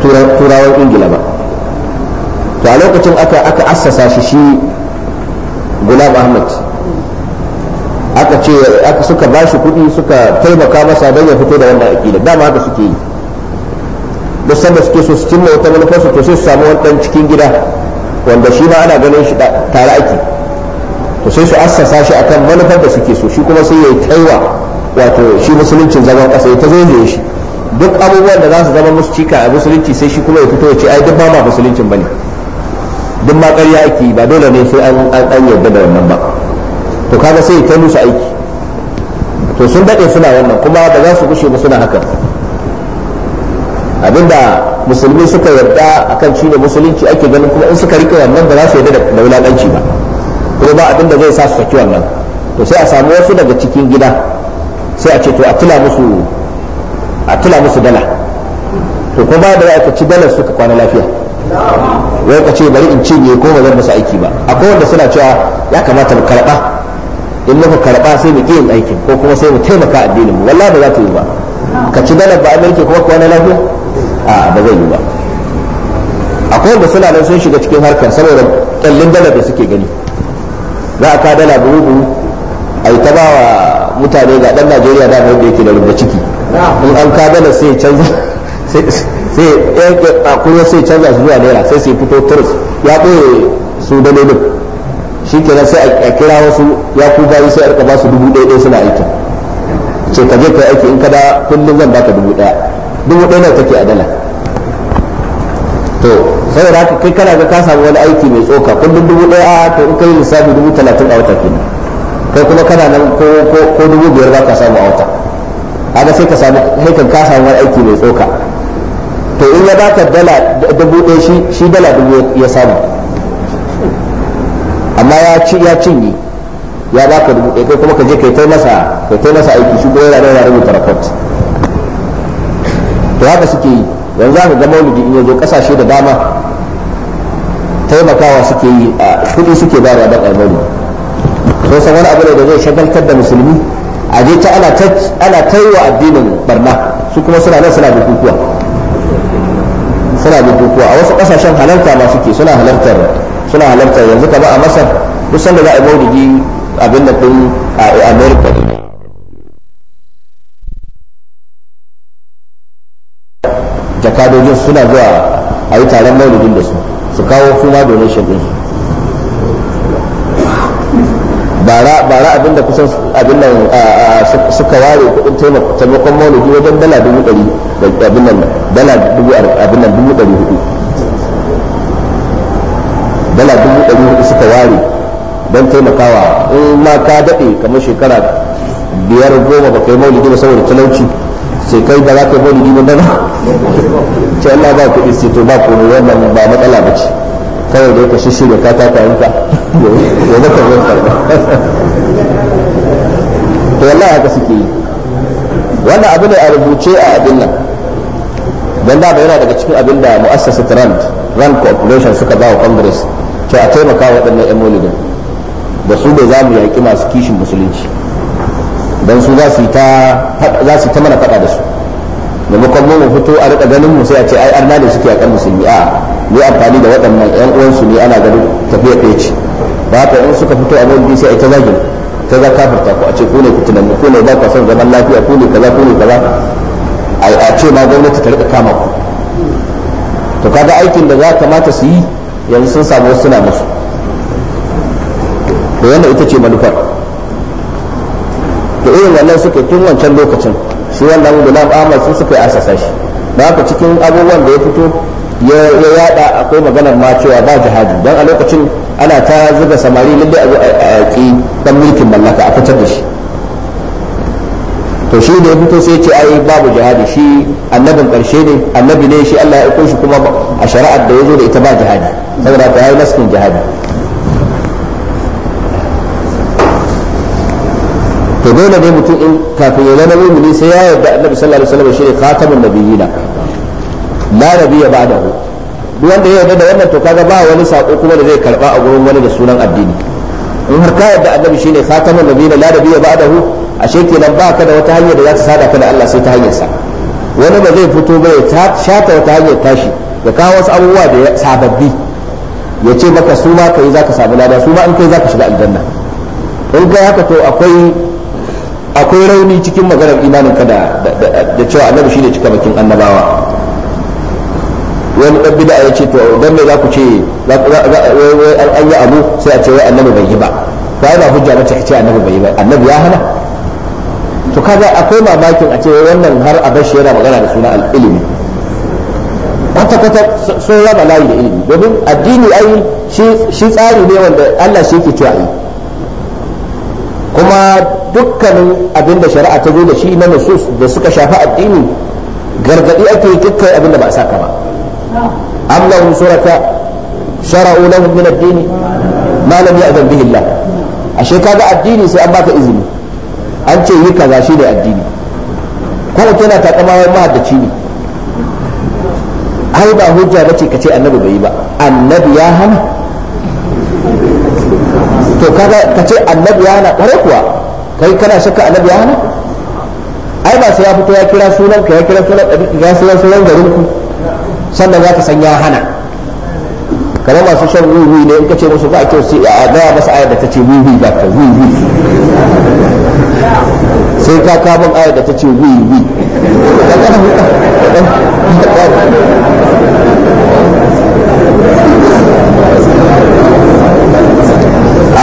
turawan ingila ba to a lokacin aka aka assasa shi shi gulam ahmad aka ce aka suka ba shi kuɗi suka taimaka masa don ya fito da wannan aƙida dama haka suke yi duk sanda suke so su cimma wata manufarsa to sai su samu wani ɗan cikin gida wanda shi ma ana ganin shi tare ake to sai su assasa shi akan manufar da suke so shi kuma sai ya kaiwa wato shi musuluncin zaman kasa ya ta ne shi duk abubuwan da za su zama musu cika a musulunci sai shi kuma ya fito ya ce ai duk ba ma musuluncin bane duk ma ƙarya ake ba dole ne sai an an yarda da wannan ba to kaga sai ya kai musu aiki to sun daɗe suna wannan kuma ba za su gushe ba suna haka abinda musulmi suka yarda akan shine musulunci ake ganin kuma in suka rike wannan ba za su yarda da wulakanci ba kuma ba abinda zai sa su saki wannan to sai a samu wasu daga cikin gida sai a ce to a tula musu a tula musu dala to kuma ba da ka ci dala suka kwana lafiya wai ka ce bari in cinye ko ba zan musu aiki ba akwai wanda suna cewa ya kamata mu karba in muka karba sai mu yin aikin ko kuma sai mu taimaka addinin mu wallahi ba za ta yi ba ka ci dala ba amerika kuma kwana lafiya a ba zai yi ba akwai wanda suna nan sun shiga cikin harkar saboda kallin dala da suke gani za a ka dala buhu buhu a yi ta ba wa mutane ga dan najeriya da wanda yake da rubda ciki in an ka dala sai canza sai a kuma sai canza su zuwa naira sai sai fito turus ya ɓoye su dalolin shi kenan sai a kira wasu ya ku bayi sai a ba su dubu ɗaya suna aikin ce ka je ka aiki in ka da kullum zan baka dubu ɗaya dubu ɗaya nawa take a dala to da haka kai kana ga ka samu wani aiki mai tsoka kullum dubu ɗaya to in kai lissafi dubu talatin a wata kenan kai kuma kana nan ko dubu biyar ba ka samu a wata haka sai ka samu haikan ka samu wani aiki mai tsoka to in ya baka dala dubu ɗaya shi shi dala dubu ya samu amma ya ci ya cinye ya baka dubu ɗaya kai kuma ka je kai ta masa kai ta masa aiki shi ko yana da rubuta report to haka suke yi yanzu za ka ga maulidi in yazo kasashe da dama taimakawa suke yi a kudi suke ba da ƙarfari to san wani abu ne da zai shagaltar da musulmi a je ta ana ta yi wa addinin barna su kuma suna nan suna bukukuwa suna bukukuwa a wasu kasashen halarta ma suke suna halartar suna halartar yanzu ka ba a masar duk sanda za a yi maulidi abin da kun a america suna zuwa a yi taron maulidin da su su kawo kuma ma donation din su bara abin abinda kusan abin nan suka ware kudin taimakon maulidi wajen dala dubu ɗari abin nan dala dubu abin nan dubu ɗari hudu dala dubu ɗari hudu suka ware don taimakawa in ma ka daɗe kamar shekara biyar goma ba kai maulidi ba saboda talauci ce kai ba za ka yi gina ba ba ce Allah ba kuɗi sai to ba komai wannan ba matsala ba ce kawai da ka shishi da ka ta yanka ka ya zaka zo karba to Allah haka suke yi wannan abu ne a rubuce a abin nan dan da ba yana daga cikin abin da mu'assasa trend rand corporation suka ba wa congress to a taimaka wa waɗannan yan maulidin da su da za mu yaƙi masu kishin musulunci dan su za su ta mana fada da su maimakon mu fito a rika ganin mu sai a ce ai arna ne suke a kan musulmi a yi amfani da waɗannan ƴan uwansu ne ana ganin tafiya ɗaya ce ba ta in suka fito a wani sai a ta zagin ta za furta ku a ce kone ne fitinan ku ne ba ka son zaman lafiya kone ne kaza ku ne kaza a ce ma gwamnati ta rika kama ku to kaga aikin da za kamata su yi yanzu sun samu wasu na musu da wannan ita ce manufar da irin wannan suke tun wancan lokacin shi wannan gulam ahmad sun suka yi asasa shi da haka cikin abubuwan da ya fito ya yada akwai maganar ma cewa ba jihadi don a lokacin ana ta zuga samari lalle a ki dan mulkin mallaka a fitar da shi to shi da ya fito sai ce ai babu jihadi shi annabin karshe ne annabi ne shi Allah ya aiko shi kuma a shari'ar da ya zo da ita ba jihadi saboda ta yi naskin jihadi to dole ne mutum in kafin ya zama mu'mini sai ya yarda annabi sallallahu alaihi wasallam shine khatamun nabiyina la nabiyya ba'dahu duk wanda ya yarda da wannan to kaga ba wani sako kuma da zai karba a gurin wani da sunan addini in har ka yarda annabi shine khatamun nabiyina la nabiyya ba'dahu ashe kenan ba ka da wata hanya da za ta sada ka da Allah sai ta hanyar sa wani ba zai fito ba ya shata wata hanyar tashi ya kawo wasu abubuwa da sababbi ya ce maka su ma ka yi za ka samu lada su ma in kai ka shiga aljanna in kai haka to akwai akwai rauni cikin maganar imanin ka da cewa annabi cika cikamakin annabawa wani dan bid'a yace to dan me za ku ce an yi abu sai a ce wai annabi bai yi ba ba yana hujja mace ka ce annabi bai yi ba annabi ya hana to kaga akwai mamakin a ce wannan har a bashi yana magana da suna al'ilimi kwata kwata sun raba layi da ilimi domin addini ai shi tsari ne wanda Allah shi yake cewa yi kuma dukkanin abin da shari'a ta zo da shi na nusus da suka shafi addini gargadi ake kakkai abin da ba a saka ba am lahum suraka shara'u lahum min ad-din ma lam ya'zan bihi Allah ashe kaga addini sai an baka izini an ce yi kaza shi ne addini kuma kana takama wai mahaddaci ne ai ba hujja bace kace annabi bai yi ba annabi ya hana to kaga kace annabi ya hana kware kuwa kai kana shakka annabi ya hana ai ba sai ya fito ya kira sunan ka ya kira sunan ya sunan sunan garin ku sannan za ka san ya hana kamar masu shan wiwi ne in ka ce musu ba a kyau sai a gaya masa ayar da ta ce wiwi ba ka wiwi sai ka kamun ayar da ta ce wiwi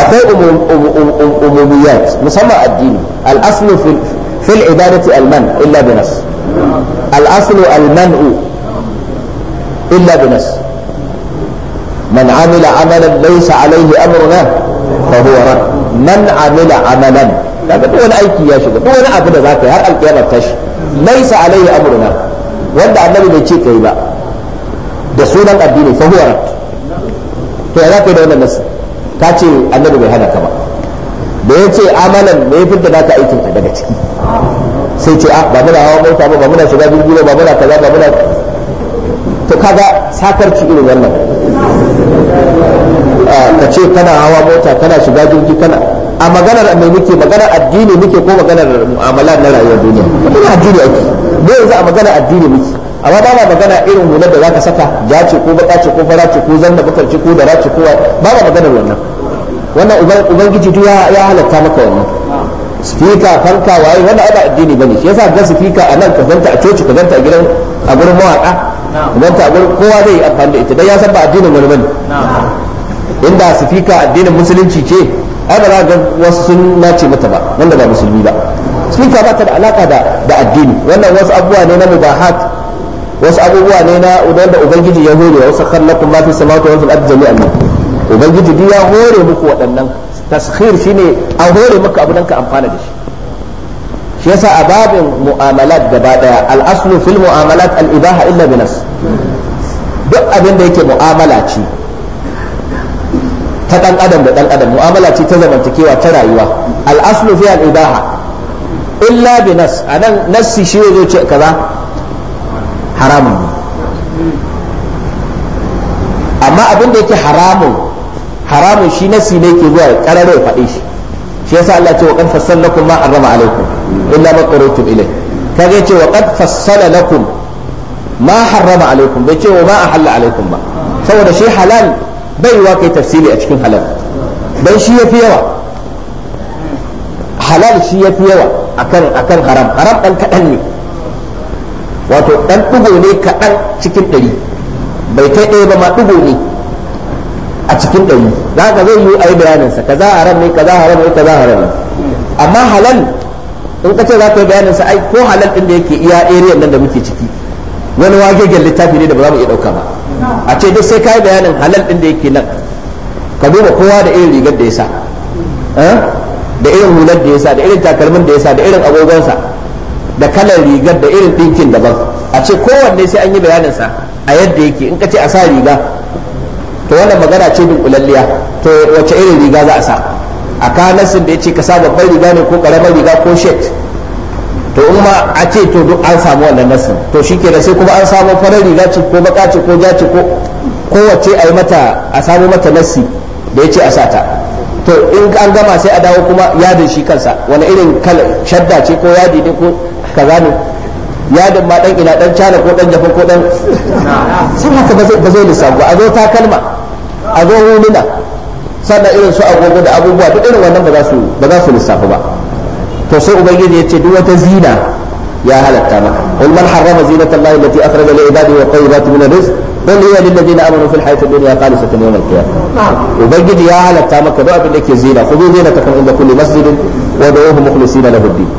akwai um, um, um, umumiyat musamman addini al'aslu fil ibadati alman illa bi nas al'aslu alman'u illa bi nas man amila amalan laysa alayhi amruna fa huwa rad man amila amalan daga duk wani aiki ya shiga duk wani abu da zaka yi har alƙiyama tashi laysa alayhi amruna wanda annabi bai ce kai ba da sunan addini fa huwa rad to ya zaka yi da wannan nasu ka ce annabi bai hana ka ba da ya ce amalan ah, me fitar da naka aikin ka daga ciki sai ce a ah, ba muna hawa mota ba ba muna shiga jirgi ba muna kaza ba muna to kaga sakarci irin wannan ah, ka ce kana hawa mota kana shiga jirgi kana a maganar mai muke maganar addini muke ko maganar mu'amala na rayuwar duniya Kuma addini ake ne yanzu a maganar addini muke amma ba ma magana irin hular da zaka saka ja ce ko baka ce ko fara ce ko zanna bakar ce ko dara ce ko ba ma maganar wannan wannan ubangiji duk ya halatta maka wannan sifika fanka waye wannan ba addini bane shi yasa ga sifika a nan ka ganta a coci ka ganta a gidan a gurin mawaka ka ganta gurin kowa zai yi amfani da ita dan ya san ba addinin wani bane inda sifika addinin musulunci ce ai ba za ga wasu sun nace mata ba wanda ba musulmi ba sifika ba ta da alaka da addini wannan wasu abubuwa ne na mubahat wasu abubuwa ne na udan da ubangiji ya hore wasu khallakum ma fi samawati wa fil ardi jami'an ubangiji duk ya hore muku waɗannan taskhir shine a hore maka abu ka amfana da shi shi yasa a babin mu'amalat gaba daya al aslu fil mu'amalat al ibaha illa binas. duk abin da yake mu'amala ce ta dan adam da dan adam mu'amala ce ta zamantakewa ta rayuwa al aslu fi al ibaha illa binas. nas anan nassi shi yazo ce kaza haramun ne amma abin da yake haramun haramun shi nasi ne ke zuwa karare ya faɗi shi shi yasa Allah ce wa qad fassala lakum ma harrama alaikum illa ma qaraytum ilayh kaga yace wa qad fassala lakum ma harrama alaikum bai ce wa ma ahalla alaikum ba saboda shi halal bai wa kai tafsiri a cikin halal dan shi yafi yawa halal shi yafi yawa akan akan haram haram dan kadan ne wato dan ɗigo ne kaɗan cikin ɗari bai kai ɗaya ba ma ɗigo ne a cikin ɗari za ka zai yi a yi ka kaza haram ne kaza haram ne kaza haram ne amma halal in ka ce za ka yi bayaninsa ai ko halal ɗin da yake iya area nan da muke ciki wani wage wagegen littafi ne da ba za mu iya ɗauka ba a ce duk sai ka yi bayanin halal ɗin da yake nan ka duba kowa da irin rigar da ya sa eh, da irin hular da ya sa da irin takalmin da ya sa da irin agogonsa da kalar rigar da irin ɗinkin daban a ce kowanne sai an yi bayanin sa a yadda yake in ka ce a sa riga to wannan magana ce kulalliya to wace irin riga za a sa a kanasin da ya ce ka sa babban riga ne ko karamar riga ko shet to in ma a ce to duk an samu wannan nasin to shi da sai kuma an samu farar riga ce ko baka ce ko ja ce ko kowace a yi mata a samu mata nasi da ya ce a ta to in an gama sai a dawo kuma yadin shi kansa wani irin shadda ce ko yadi ne ko kaza ne yadin ma dan ina dan cana ko dan jafa ko dan sun haka ba zai lissafu a zo takalma a zo huluna sannan irin su agogo da abubuwa duk irin wannan ba za su ba za su lissafu ba to sai ubangiji ya ce duk wata zina ya halatta maka qul man harrama zinata allahi allati akhraja li ibadihi wa tayyibati min rizq qul hiya lil ladina amanu fil hayati dunya khalisatan yawm al qiyamah ubangiji ya halatta maka duk abin da ke zina khudhu zinatakum inda kulli masjidin wa da'uhu mukhlisina lahu ad-din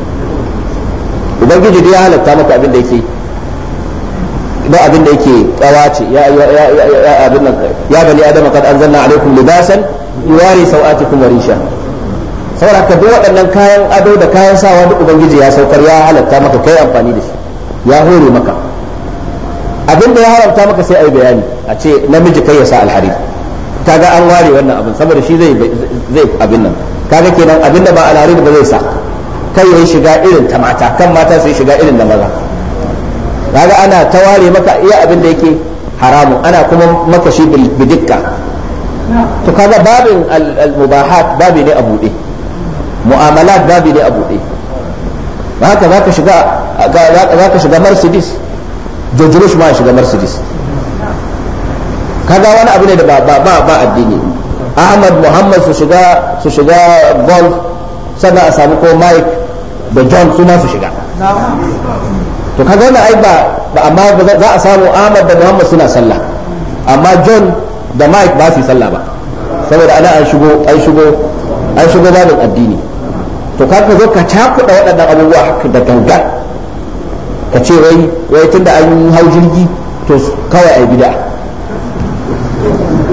ubangiji dai ya halatta maka abin da yake ba abin da yake kawace ya ya abin nan ya bani adam kad anzalna alaikum libasan yuwari sawatikum warisha saboda ka duk waɗannan kayan ado da kayan sawa duk ubangiji ya saukar ya halatta maka kai amfani da shi ya hore maka abin da ya haramta maka sai ai bayani a ce namiji kai ya sa alhari kaga an ware wannan abin saboda shi zai zai abin nan kaga kenan abin da ba alhari ba zai sa kai ya shiga irin ta mata kan mata su shiga irin da maza kaga ana taware maka iya abin da yake haramu ana kuma maka shi bidikka to kaga babin al-mubahat babi ne a buɗe mu'amalat babi ne a buɗe haka za ka shiga za shiga mercedes jojurush ma shiga mercedes kaga wani abu ne da ba ba ba addini ahmad muhammad su shiga su shiga golf sannan a samu ko mike da john su ma su shiga to kaga wannan ai ba amma za a samu ahmad da muhammad suna sallah amma john da mike ba su sallah ba saboda ana an shigo an shigo an shigo babin addini to kaka zo ka cakuɗa waɗannan abubuwa da gangan ka ce wai wai tunda an hau jirgi to kawai ai bid'a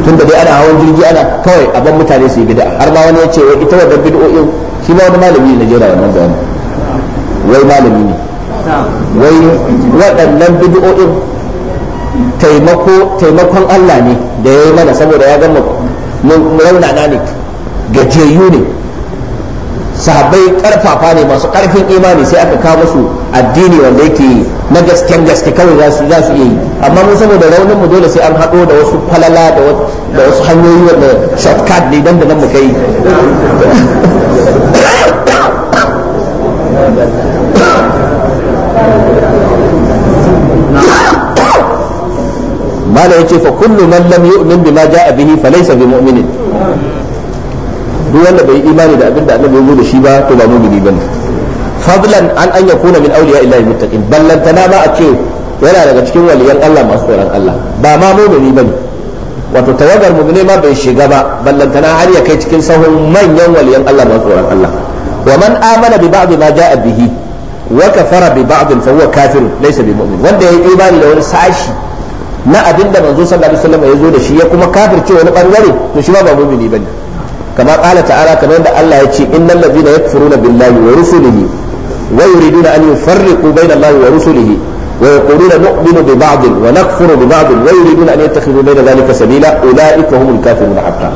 tunda dai ana hawan jirgi ana kawai a ban mutane su yi bid'a har ma wani ya ce wai ita wadda bid'o'in shi ma wani malami ne na jera wannan zamani wai malami ne wai waɗannan bid'o'in taimako taimakon Allah ne da ya yi mana saboda ya gama raunana ne gajiyayyu ne sahabbai karfafa ne masu karfin imani sai aka kawo musu addini wanda yake na gasken gaske kawai za su za yi amma mun saboda raunin mu dole sai an haɗo da wasu falala da wasu hanyoyi wanda shortcut ne dan da nan mu kai mala ce fa kullu man lam yu'min bima ja'a bihi fa laysa bi mu'minin duk wanda bai imani da abinda annabi bai zo da shi ba to ba mu'mini bane fadlan an an yakuna min awliya illahi muttaqin ballantana ba a ce yana daga cikin waliyan Allah masu tsoron Allah ba ma mu'mini bane wato tawagar mu'mini ma bai shiga ba ballantana har ya kai cikin sahun manyan waliyan Allah masu tsoron Allah wa man amana bi ba'd ma ja'a bihi wa kafara bi ba'd fa huwa kafir laysa bi mu'min wanda yayi imani da wani sashi na abin da manzo sallallahu alaihi wasallam ya zo da shi ya kuma kafirce wani bangare to shi ba ba mu'mini bane kama qala ta'ala kamar da Allah ya ce innal ladina yakfuruna billahi wa rusulihi wa yuriduna an yufarriqu bayna Allahi wa ويقولون نؤمن ببعض ونكفر ببعض ويريدون ان يتخذوا بين ذلك سبيلا اولئك هم الكافرون حقا.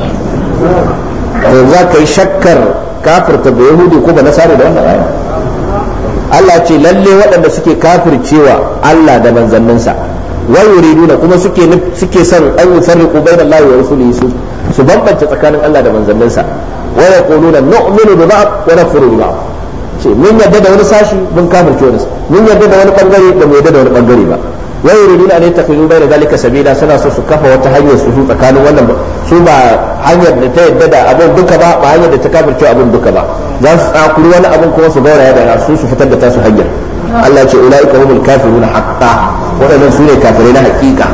yanzu za ka yi shakkar kafirta da yahudi ko ba nasara da Allah ce lalle waɗanda suke kafircewa Allah da manzanninsa wa yuriduna kuma suke suke son an yufarriqu bainallahi wa rasulihi su su bambanta tsakanin Allah da manzanninsa wa yaquluna nu'minu bi ba'd wa nakfuru bi ba'd ce mun yadda da wani sashi mun kafirce wani mun yadda da wani bangare da mu yadda da wani bangare ba wa yuriduna an yattakhidhu bayna zalika sabila suna so su kafa wata hanyar su su tsakanin wannan su ba hanyar da ta yadda da abin duka ba ba hanyar da ta kafirce abin duka ba za su tsakuri wani abin kuma su gauraya da su su fitar da tasu hanyar Allah ce ulaika humul kafiruna haqqan wadannan su ne kafirai na hakika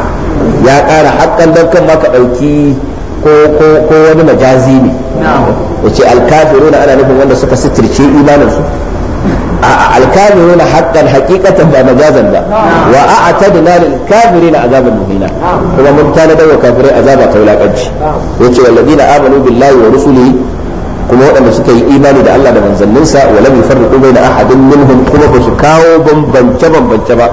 ya ƙara haƙƙan dan kan maka dauki ko wani majazi ne yace ce alkafiruna ana nufin wanda suka sitirce imaninsu a alkamiruna haqqan haqiqatan ba majazan ba wa a'tadna lil kafirina azaban muhina kuma mun tanada wa kafirai azaba ta wulakanci yace walladina amanu billahi wa rusulihi kuma waɗanda suka yi imani da Allah da manzanninsa wa lam yufarriqu baina ahadin minhum kuma basu kawo bambance bambance ba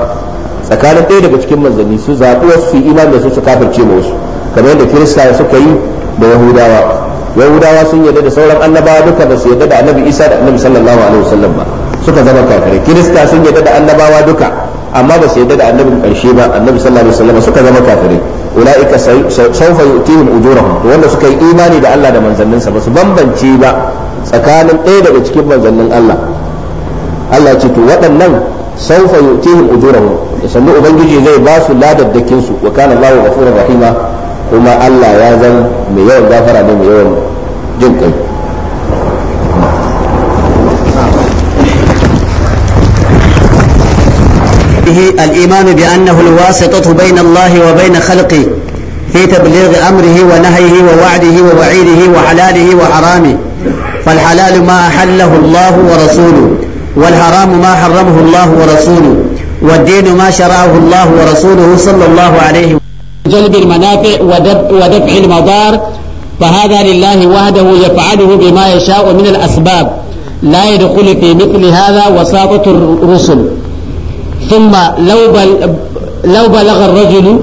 tsakanin ɗaya daga cikin manzanni su zaɓi wasu su imani da su su kafirce ma wasu kamar yadda kirista suka yi da yahudawa yahudawa sun yarda da sauran annabawa duka ba su yarda da annabi isa da annabi sallallahu alaihi wasallam suka zama kafirai kirista sun yadda da annabawa duka amma ba su yadda da annabin karshe ba annabi sallallahu alaihi wasallam suka zama kafirai ulaika sawfa yu'tihim ujurahum to wanda suka yi imani da Allah da sa ba su bambance ba tsakanin ɗaya daga cikin manzannin Allah Allah ce to waɗannan sawfa yu'tihim ujurahum da sannu ubangiji zai ba su ladaddakin su wa kana Allahu ghafurur rahima kuma Allah ya zan mai yawan gafara ne mai yawan jin kai به الإيمان بأنه الواسطة بين الله وبين خلقه في تبليغ أمره ونهيه ووعده ووعيده وحلاله وحرامه فالحلال ما أحله الله ورسوله والحرام ما حرمه الله ورسوله والدين ما شرعه الله ورسوله صلى الله عليه وسلم جلب المنافع ودفع المضار فهذا لله وحده يفعله بما يشاء من الأسباب لا يدخل في مثل هذا وساطة الرسل ثم لو بل لو بلغ الرجل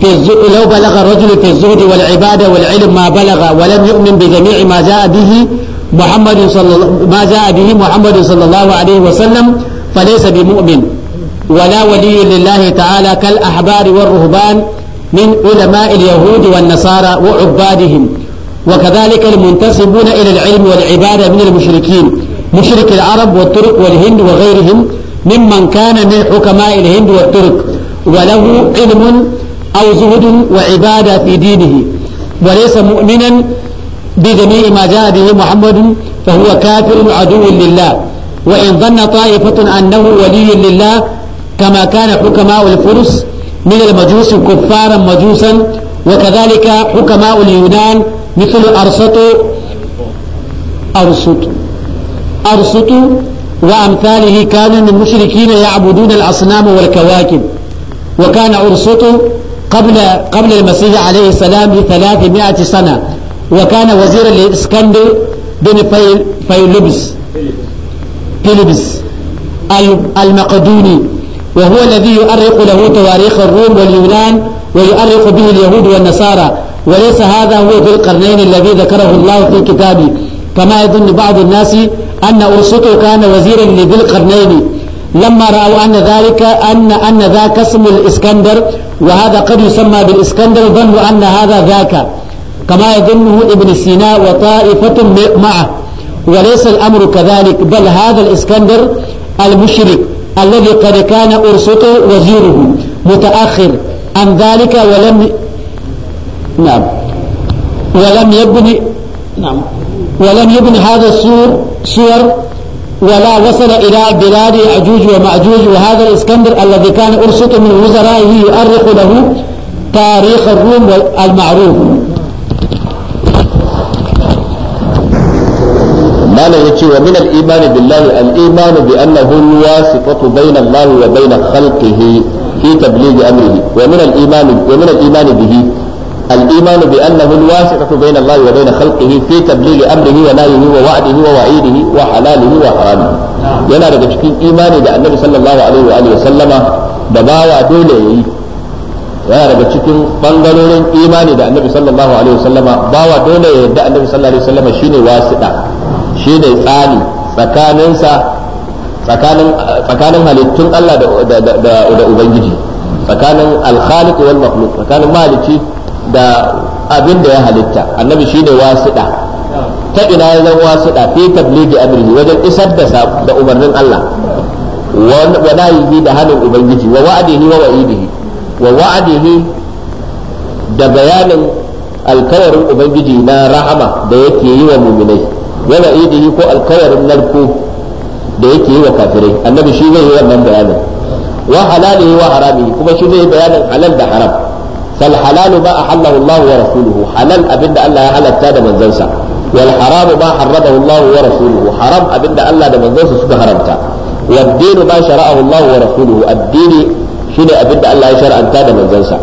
في لو بلغ الرجل في الزهد والعبادة والعلم ما بلغ ولم يؤمن بجميع ما جاء به محمد صلى الله ما جاء به محمد صلى الله عليه وسلم فليس بمؤمن ولا ولي لله تعالى كالأحبار والرهبان من علماء اليهود والنصارى وعبادهم وكذلك المنتسبون إلى العلم والعبادة من المشركين مشرك العرب والترك والهند وغيرهم ممن كان من حكماء الهند والترك وله علم أو زهد وعبادة في دينه وليس مؤمنا بجميع ما جاء به محمد فهو كافر عدو لله وإن ظن طائفة أنه ولي لله كما كان حكماء الفرس من المجوس كفارا مجوسا وكذلك حكماء اليونان مثل أرسطو أرسطو أرسطو وأمثاله كانوا من المشركين يعبدون الأصنام والكواكب وكان أرسطو قبل قبل المسيح عليه السلام ب 300 سنة وكان وزيرا لإسكندر بن فيلبس فيلبس المقدوني وهو الذي يؤرق له تواريخ الروم واليونان ويؤرق به اليهود والنصارى وليس هذا هو ذو القرنين الذي ذكره الله في كتابه كما يظن بعض الناس أن أرسطو كان وزيرا لذي القرنين لما رأوا أن ذلك أن أن ذاك اسم الإسكندر وهذا قد يسمى بالإسكندر ظنوا أن هذا ذاك كما يظنه ابن سينا وطائفة معه وليس الأمر كذلك بل هذا الإسكندر المشرك الذي قد كان أرسطو وزيره متأخر عن ذلك ولم نعم ولم يبني نعم ولم يبن هذا السور سور ولا وصل إلى بلاد يأجوج ومأجوج وهذا الإسكندر الذي كان أرسط من وزرائه يؤرخ له تاريخ الروم المعروف معنى يتي ومن الإيمان بالله الإيمان بأنه الواسطة بين الله وبين خلقه في تبليغ أمره ومن الإيمان ومن الإيمان به الإيمان بأنه الواسطة بين الله وبين خلقه في تبليغ أمره ونهيه ووعده ووعيده وحلاله وحرامه yana daga cikin imani da annabi sallallahu alaihi wa alihi sallama da bawa dole yayi yana daga cikin bangarorin imani da annabi sallallahu alaihi wa sallama bawa dole ya yarda annabi sallallahu alaihi wa sallama shine wasida shine tsani tsakaninsa tsakanin tsakanin halittun Allah da da ubangiji tsakanin al-khaliq wal makhluq tsakanin malici da abin da ya halitta annabi shine wasiɗa ta ina ya zan wasiɗa fi da amrihi wajen isar da da umarnin Allah wa nahihi da hannun ubangiji wa wa'adihi wa wa'idihi wa wa'adihi da bayanin alkawarin ubangiji na rahama da yake yi wa muminai wa wa'idihi ko alkawarin narko da yake yi wa kafirai annabi shi zai yi wannan bayanin wa halalihi wa harami kuma shi zai bayanin halal da haram fal halalu ma ahallahu Allah wa rasuluhu halal abinda Allah ya halatta da manzansa wal haram ma harramahu Allah wa rasuluhu haram abinda Allah da manzansa suka haramta wad din ma shara'ahu Allah wa rasuluhu addini shine abinda Allah ya shar'anta da manzansa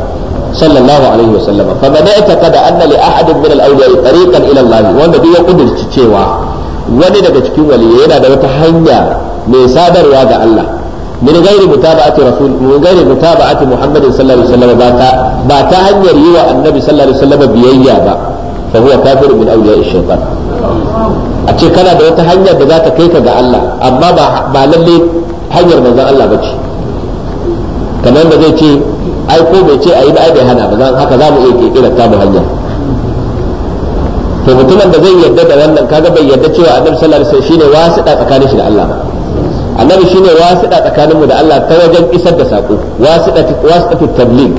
صلى الله عليه وسلم فمن اعتقد ان لاحد من الاولياء طريقا الى الله wanda duk ya kudurci cewa wani daga cikin waliyai yana da wata hanya mai sadarwa ga Allah min ghairi mutaba'ati rasul min ghairi mutaba'ati muhammad sallallahu alaihi wasallam ba ta ba ta hanyar yi wa annabi sallallahu alaihi wasallam biyayya ba fa huwa kafir min awliya shaytan a ce kana da wata hanyar da za kai ka ga Allah amma ba lalle hanyar manzon Allah ba ce da zai ce ai ko bai ce ayi ba ai bai hana ba haka za mu iya kirkirar ta mu hanya mutumin da zai yarda da wannan kaga bai yarda cewa wasu da tsakanin shi da Allah annabi shine wasiɗa tsakaninmu da Allah ta wajen isar da saƙo wasiɗatu tabligh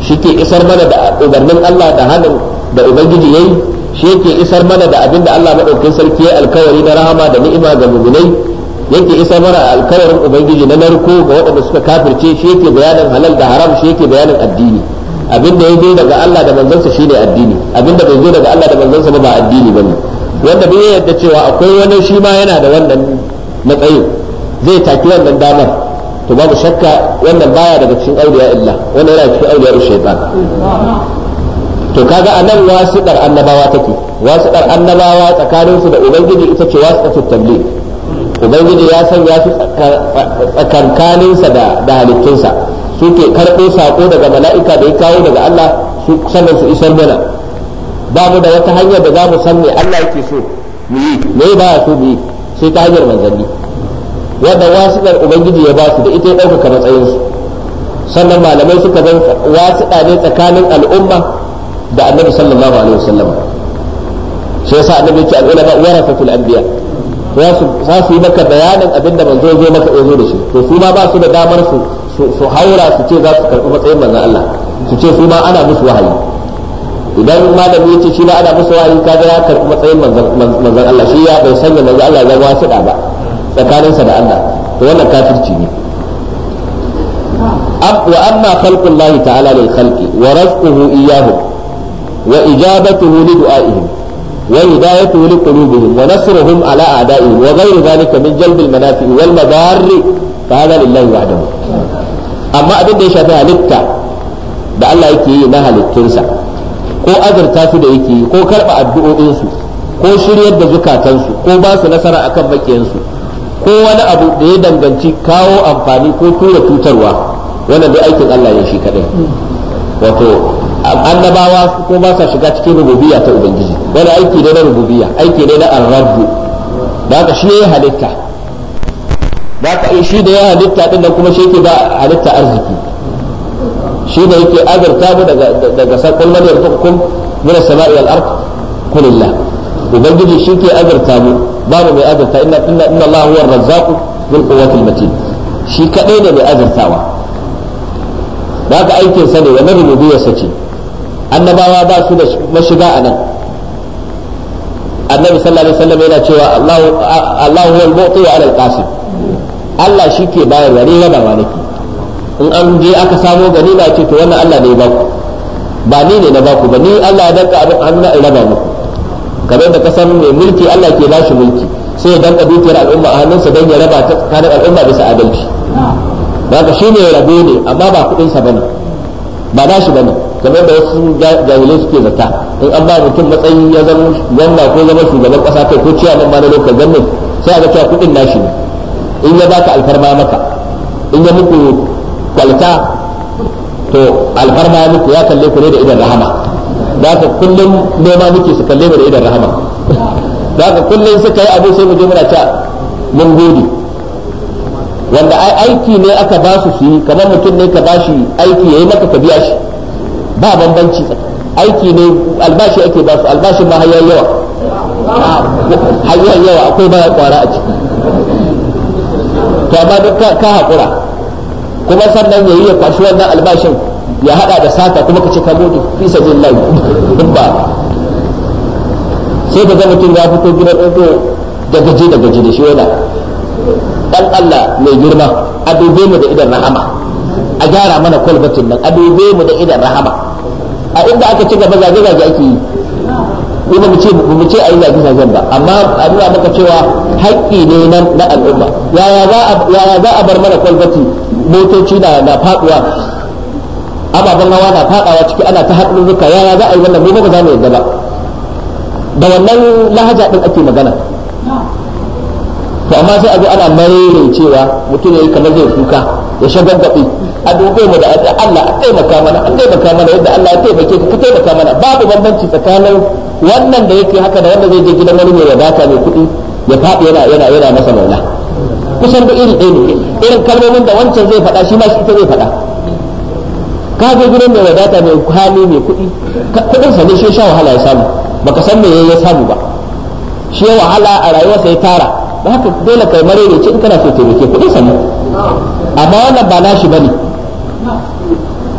shi ke isar mana da umarnin Allah da hannun da ubangiji yayi shi yake isar mana da abin da Allah madaukakin sarki ya alkawari na rahama da ni'ima ga mu'minai yake isar mana alkawarin ubangiji na narko ga waɗanda suka kafirce shi yake bayanin halal da haram shi yake bayanin addini abin da ya zo daga Allah da manzansa shine addini abin da bai zo daga Allah da manzansa ba ba addini bane wanda bai yadda cewa akwai wani shi ma yana da wannan matsayin zai taki wannan damar to babu shakka wannan baya daga cikin auliya illa wannan yana cikin auliya shaytan to kaga anan wasiƙar annabawa take wasiƙar annabawa su da ubangiji ita ce wasiƙatul tabligh ubangiji ya sanya su sa da halittunsa su ke karɓo sako daga mala'ika da ya kawo daga Allah su sannan su isar mana ba mu da wata hanyar da za mu san me Allah yake so mu yi me ba so mu yi sai ta hanyar manzanni wannan wasiƙar ubangiji ya ba su da ita ya ɗaukaka matsayinsu sannan malamai suka zan wasiƙa ne tsakanin al'umma da annabi sallallahu alaihi wasallam sai yasa annabi ya ce al'ulama warasatul anbiya za su yi maka bayanin abin da manzo zo maka zo da shi to su ma ba su da damar su su haura su ce za su karɓi matsayin manzon Allah su ce su ma ana musu wahayi idan malami ya ce shi ma ana musu wahayi kaga ya karɓi matsayin manzon Allah shi ya bai sanya manzon Allah ya wasiƙa ba tsakaninsa da Allah to wannan kafirci ne wa amma khalqul lahi ta'ala lil khalqi wa rizquhu iyyahum wa ijabatuhu li du'aihim wa hidayatuhu li qulubihim wa nasruhum ala a'da'ihim wa ghayru dhalika min jalbil manafi' wal madarri fa hada lillahi wahdahu amma abin da ya shafi halitta da Allah yake yi na halittunsa ko azurta su da yake yi ko karba addu'o'insu ko shiryar da zukatansu ko ba su nasara akan makiyansu ko wani abu da ya danganci kawo amfani ko tura cutarwa wannan dai aikin Allah ne shi kadai wato annabawa ko ba sa shiga cikin rububiyya ta ubangiji wani aiki ne na rububiyya aiki ne na arrabu da haka shi ya halitta da haka eh, shi da ya halitta din nan kuma shi yake ba halitta arziki shi da yake azurta mu daga daga sakon madar hukum min as-sama'i wal kulillah ubangiji shi ke azurta mu babu mai azurta inna inna inna Allah huwa ar-razzaq bil quwwati matin shi kadai ne mai azurtawa da haka aikin sa ne wannan rububiyarsa ce annabawa ba su da mashiga a nan annabi sallallahu alaihi wasallam yana cewa Allah Allah huwa al-mu'ti wa al-qasim Allah shi ke bayarwa ne rabawa nake in an je aka samo ganima ce to wannan Allah ne ya baku ba ni ne na baku ba ni Allah ya danka abin hannu na raba muku kamar da kasan mai mulki Allah ke bashi mulki sai ya danka dukiyar al'umma a hannunsa don ya raba ta tsakanin al'umma bisa adalci ba shi ne rabo ne amma ba kuɗinsa ba bane ba nashi bane kamar da wasu jahilai suke zata in an ba mutum matsayi ya zama gwamna ko zama shugaban kasa kai ko ciyaman ma na lokacin gwamnati sai a ga cewa kuɗin nashi ne in ya baka alfarma maka in ya muku kwalta to alfarma muku ya kalle ku ne da idan rahama da haka kullum noma muke su kalle mu da idan rahama da haka kullum suka yi abu sai mu je muna ta mun gode wanda ai aiki ne aka ba su su yi kamar mutum ne ka ba shi aiki yayi maka ka biya shi ba bambanci aiki ne albashi ake ba su albashin ma hayar yawa hayar yawa akwai ba kwara a ciki to amma duk ka haƙura kuma sannan yayi ya kwashi wannan albashin ya hada da sata kuma ka ce ka gode fi sabilillah duk ba sai ka ga mutum ya fito gidan ɗauko da gaji da gaji da shi yana dan Allah mai girma a dube mu da idan rahama a gyara mana kwalbatin nan a dube mu da idan rahama a inda aka ci gaba zage zage ake yi ni ba mu ce mu ce ayi zage zagen ba amma a nuna maka cewa haƙƙi ne na al'umma yaya za a bar mana kwalbati motoci na faɗuwa ababen hawa na fadawa ciki ana ta haɗurruka yaya za a yi wannan mu ba za mu yadda ba da wannan lahaja din ake magana to amma sai a zo ana marere cewa mutum yayi kamar zai kuka ya shagabbabe a dube mu da Allah a taimaka mana a taimaka mana yadda Allah ya taimake ka ka taimaka mana babu bambanci tsakanin wannan da yake haka da wanda zai je gidan wani mai wadata mai kuɗi ya faɗi yana yana yana masa maula kusan da iri ɗaya ne irin kalmomin da wancan zai faɗa shi ma shi ita zai faɗa ka ga gidan mai wadata mai hali mai kuɗi kuɗin sa ne shi sha wahala ya samu baka san me ya samu ba shi wahala a rayuwarsa ya tara ba haka dole kai mare ne in kana so taimake kuɗin sa ne amma wannan ba nashi bane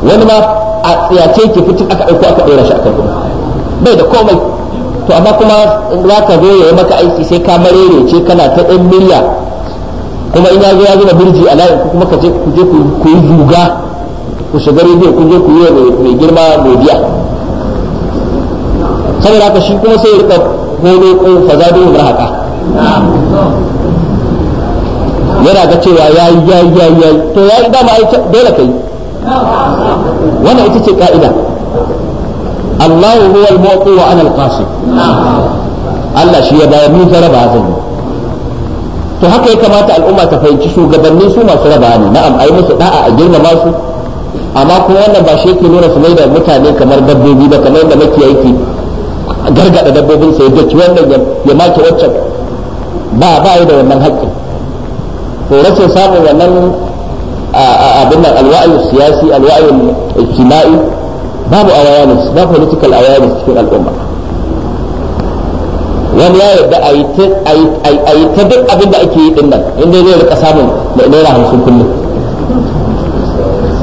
wani ma a tsiyace ke fitin aka ɗauko aka ɗora shi akan kuɗi bai da komai to amma kuma za ka zo ya yi maka aiki sai ka mare ne ce kana ta ɗan miliya kuma in ya zo ya zuba birji a layin kuma ka je ku je ku yi zuga ku shiga rediyo kun je ku yi mai girma godiya saboda haka shi kuma sai ya rika holo ko fazado da haka yana ga cewa ya yi ya yi ya yi to ya yi dama dole ka yi wannan ita ce ka'ida Allah huwa al-mu'ti wa ana al-qasim Allah shi ya bayar min zaraba zan yi to haka ya kamata al'umma ta fahimci shugabanni su masu raba ne na'am ai musu da'a a girma su amma kuma wannan ba shi yake nuna su mai da mutane kamar dabbobi ba kamar yadda makiyayi ke gargada dabbobin sai da ci wannan ya make waccan ba ba yi da wannan haƙƙin to rashin samun wannan abin nan alwa'ayu siyasi alwa'ayu ijtima'i babu awareness ba political awareness cikin al'umma wani ya yarda a yi ta duk abin da ake yi din nan inda zai rika samun naira hamsin kullum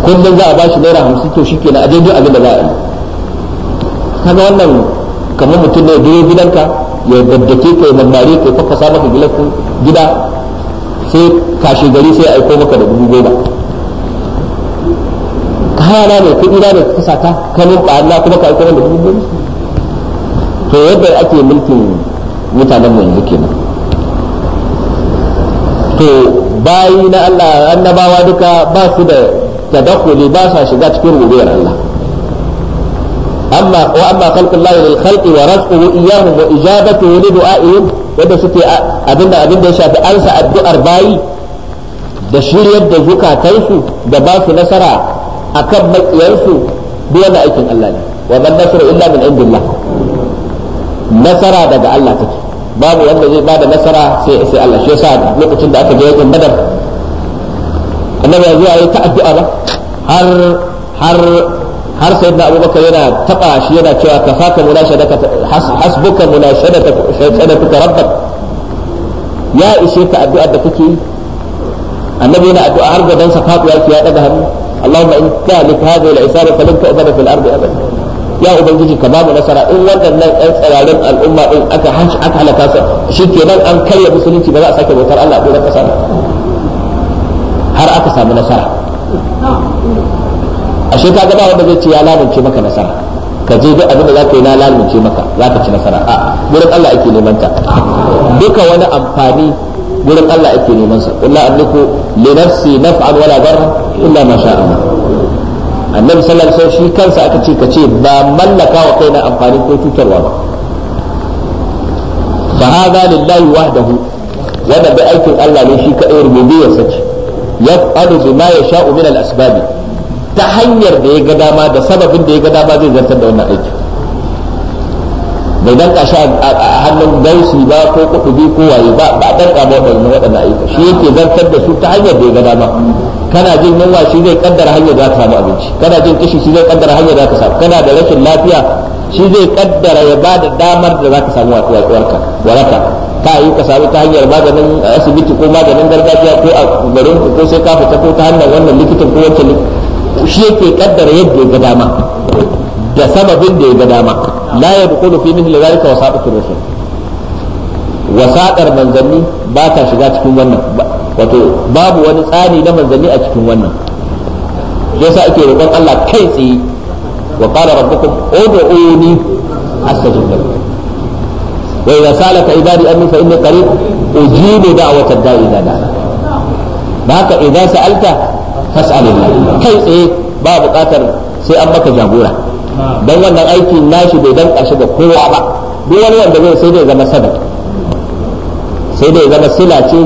kullum za a ba shi naira hamsin to shi kenan a daidai abin da za a yi kaga wannan kamar mutum ne duro gidanka ya daddake ka ya ka ya sa maka gida sai kashe gari sai a aiko maka da dubu goma na mai kuɗi na da ka sata kanin ba na kuma ka aiko da dubu goma to yadda ake mulkin mutanen yanzu kenan to bayi na Allah annabawa duka ba su da tadakhuli ba sa shiga cikin rububiyar Allah amma wa amma khalqu Allah lil khalqi wa rizquhu iyyahum wa ijabatuhu li du'a'ihim yadda suke abinda abinda ya shafi ansa addu'ar bayi da shiryar da zukatansu da ba su nasara akan makiyansu duk wanda aikin Allah ne wa man nasru illa min indillah nasara daga Allah take babu wanda zai bada nasara sai sai Allah shi yasa lokacin da aka je wajen madar. annabi ya zuwa ya ta addu'a ba har har har sai da abubakar yana taba shi yana cewa kafaka munashadaka hasbuka munashadaka rabbak ya ishe ka addu'a da kake annabi yana addu'a har gabansa faduwa ki ya daga hannu Allahumma in kana hadhihi al-isara falan tu'bada fil ardi abada ya ubangiji ka bamu nasara in wannan nan ɗan tsirarin al'umma din aka hanci aka halaka su shikenan an karya musulunci ba za a sake bautar Allah a doron ba. har aka samu nasara ashe ka ga wanda zai ce ya lalace maka nasara ka je duk abin da za ka yi na lalace maka za ka ci nasara a gurin Allah ake neman ta duka wani amfani gurin Allah ake neman sa qul la amliku li nafsi naf'an wala darra illa ma sha Allah annabi sallallahu alaihi wasallam shi kansa aka ce ka ce ba mallaka wa kaina amfani ko cutarwa ba fa hadha lillahi wahdahu wanda da aikin Allah ne shi kadai rububiyarsa ce yaf'alu bima yasha'u min al-asbab ta hanyar da ya ga dama da sababin da ya ga dama zai zartar da wannan aiki bai danka shi a hannun gausi ba ko kuɗi ko waye ba ba dan kama ba waɗannan waɗannan ayyuka shi yake zartar da su ta hanyar da ya ga dama kana jin yunwa shi zai kaddara hanyar za ta samu abinci kana jin kishi shi zai kaddara hanyar za ka samu kana da rashin lafiya shi zai kaddara ya ba da damar da za ka samu waraka ta yi ka samu ta hanyar maganin eh, asibiti ko maganin gargajiya ko a garin ku ko sai ka fita ko ta hanyar wannan likitan ko wancan shi yake kaddara yadda ya ga dama da sababin da ya ga dama la yadkhulu fi mithli dhalika wasaqatul rusul wasaƙar manzanni ba ta shiga cikin wannan wato babu wani tsani na manzanni a cikin wannan yasa ake roƙon Allah kai tsaye wa qala rabbukum ud'uni astajib lakum wa idza salaka ibadi anni fa inni qarib ujibu a watan idza da'a da haka idza sa'alta fas'alillah kai tsaye ba bukatar sai an maka jagora dan wannan aiki nashi bai dan kashi ga kowa ba duk wani wanda zai sai dai zama sadaka sai dai zama sila ce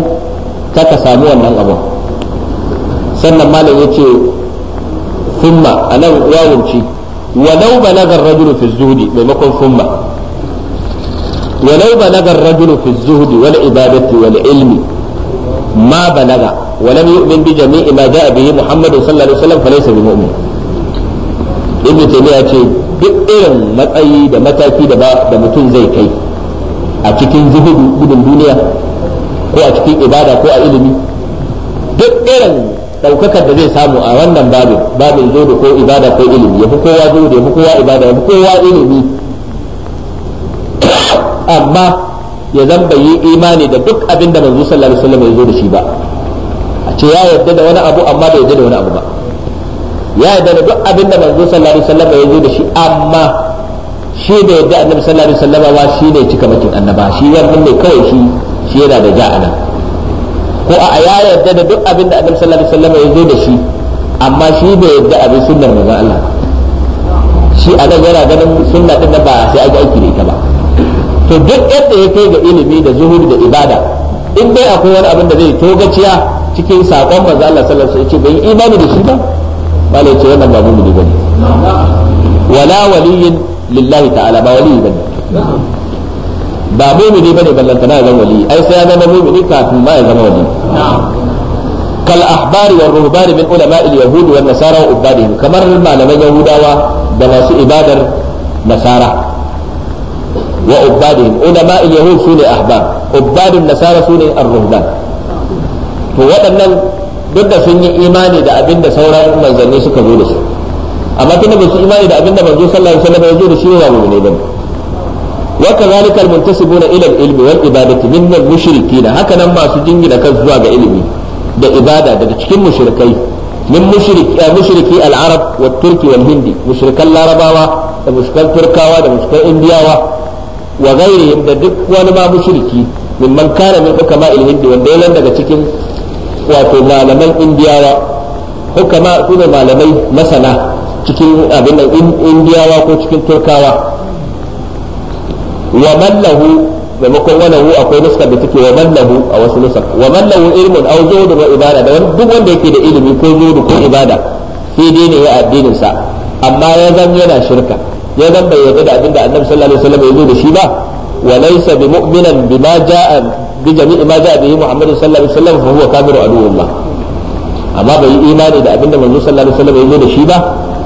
ta ka samu wannan abun sannan malam yace thumma anan yawunci walau balagar rajulu fi zuhdi maimakon thumma ولو بلغ الرجل في الزهد والعبادة والعلم ما بلغ ولم يؤمن بجميع ما جاء به محمد صلى الله عليه وسلم فليس بمؤمن ابن تيمية ce duk irin matsayi da mataki da ba da mutum zai kai a cikin zuhudu gudun duniya ko a cikin ibada ko a ilimi duk irin daukakar da zai samu a wannan babin babin zo ko ibada ko ilimi yafi kowa zuhudu da yafi kowa ibada yafi kowa ilimi amma ya zan bai yi imani da duk abin da manzo sallallahu alaihi wasallam ya zo da shi ba a ce ya yarda da wani abu amma bai yarda da wani abu ba ya yarda da duk abin da manzo sallallahu alaihi wasallam ya zo da shi amma shi da yarda annabi sallallahu alaihi wasallam ba shi ne cika makin annaba shi yarda ne kawai shi shi yana da ja'ana ko a ya yarda da duk abin da annabi sallallahu alaihi wasallam ya zo da shi amma shi bai yarda abin sunnar manzo Allah shi a nan yana ganin sunna din ba sai aka aiki da ita ba to duk yadda ya kai ga ilimi da zuhuri da ibada in dai akwai wani abin da zai to gaciya cikin sakon manzo Allah sallallahu alaihi wasallam yace bai imani da shi ba bale yace wannan ba mu'mini bane wala waliyin lillahi ta'ala ba waliyi bane ba mu'mini bane ballanta na zama waliyi ai sai ya zama mu'mini kafin ma ya zama waliyi ulama والرهبان من علماء اليهود والنصارى وعبادهم كما المعلمين يهودا da masu ibadar nasara. wa ubbadihim ulama yahud sune ahbab ubbadun nasara sune ar-ruhban to waɗannan duk da sun yi imani da abin sauran manzanni suka zo da su amma tun da su imani da abin da manzo sallallahu alaihi wasallam ya zo da shi ba mu ne bane wa kadhalika al-muntasibuna ila ilmi wal ibadati min al-mushrikin haka nan masu jingina kan zuwa ga ilimi da ibada cikin mushrikai min eh, mushriki turki hindi mushrikan larabawa da mushrikan turkawa da mushrikan indiyawa wa ghairihim da duk wani ma mushriki mimman kana min hukama al-hind wanda yalan daga cikin wato malaman indiyawa hukama su ne malamai masana cikin abin nan indiyawa ko cikin turkawa wa man akwai nuskar da take wa mallahu a wasu nuskar wa mallahu ilmun aw zuhud wa ibada da duk wanda yake da ilimi ko zuhud ko ibada sai dai ne ya addinin sa amma ya zama yana shirka ya zan bai yarda da abin da annabi sallallahu alaihi wasallam ya zo da shi ba wa laysa bi mu'minan bima ja'a bi jami'i ma ja'a bihi muhammad sallallahu alaihi wasallam fa huwa kafiru aduwwullah amma bai yi imani da abin da manzo sallallahu alaihi wasallam ya zo da shi ba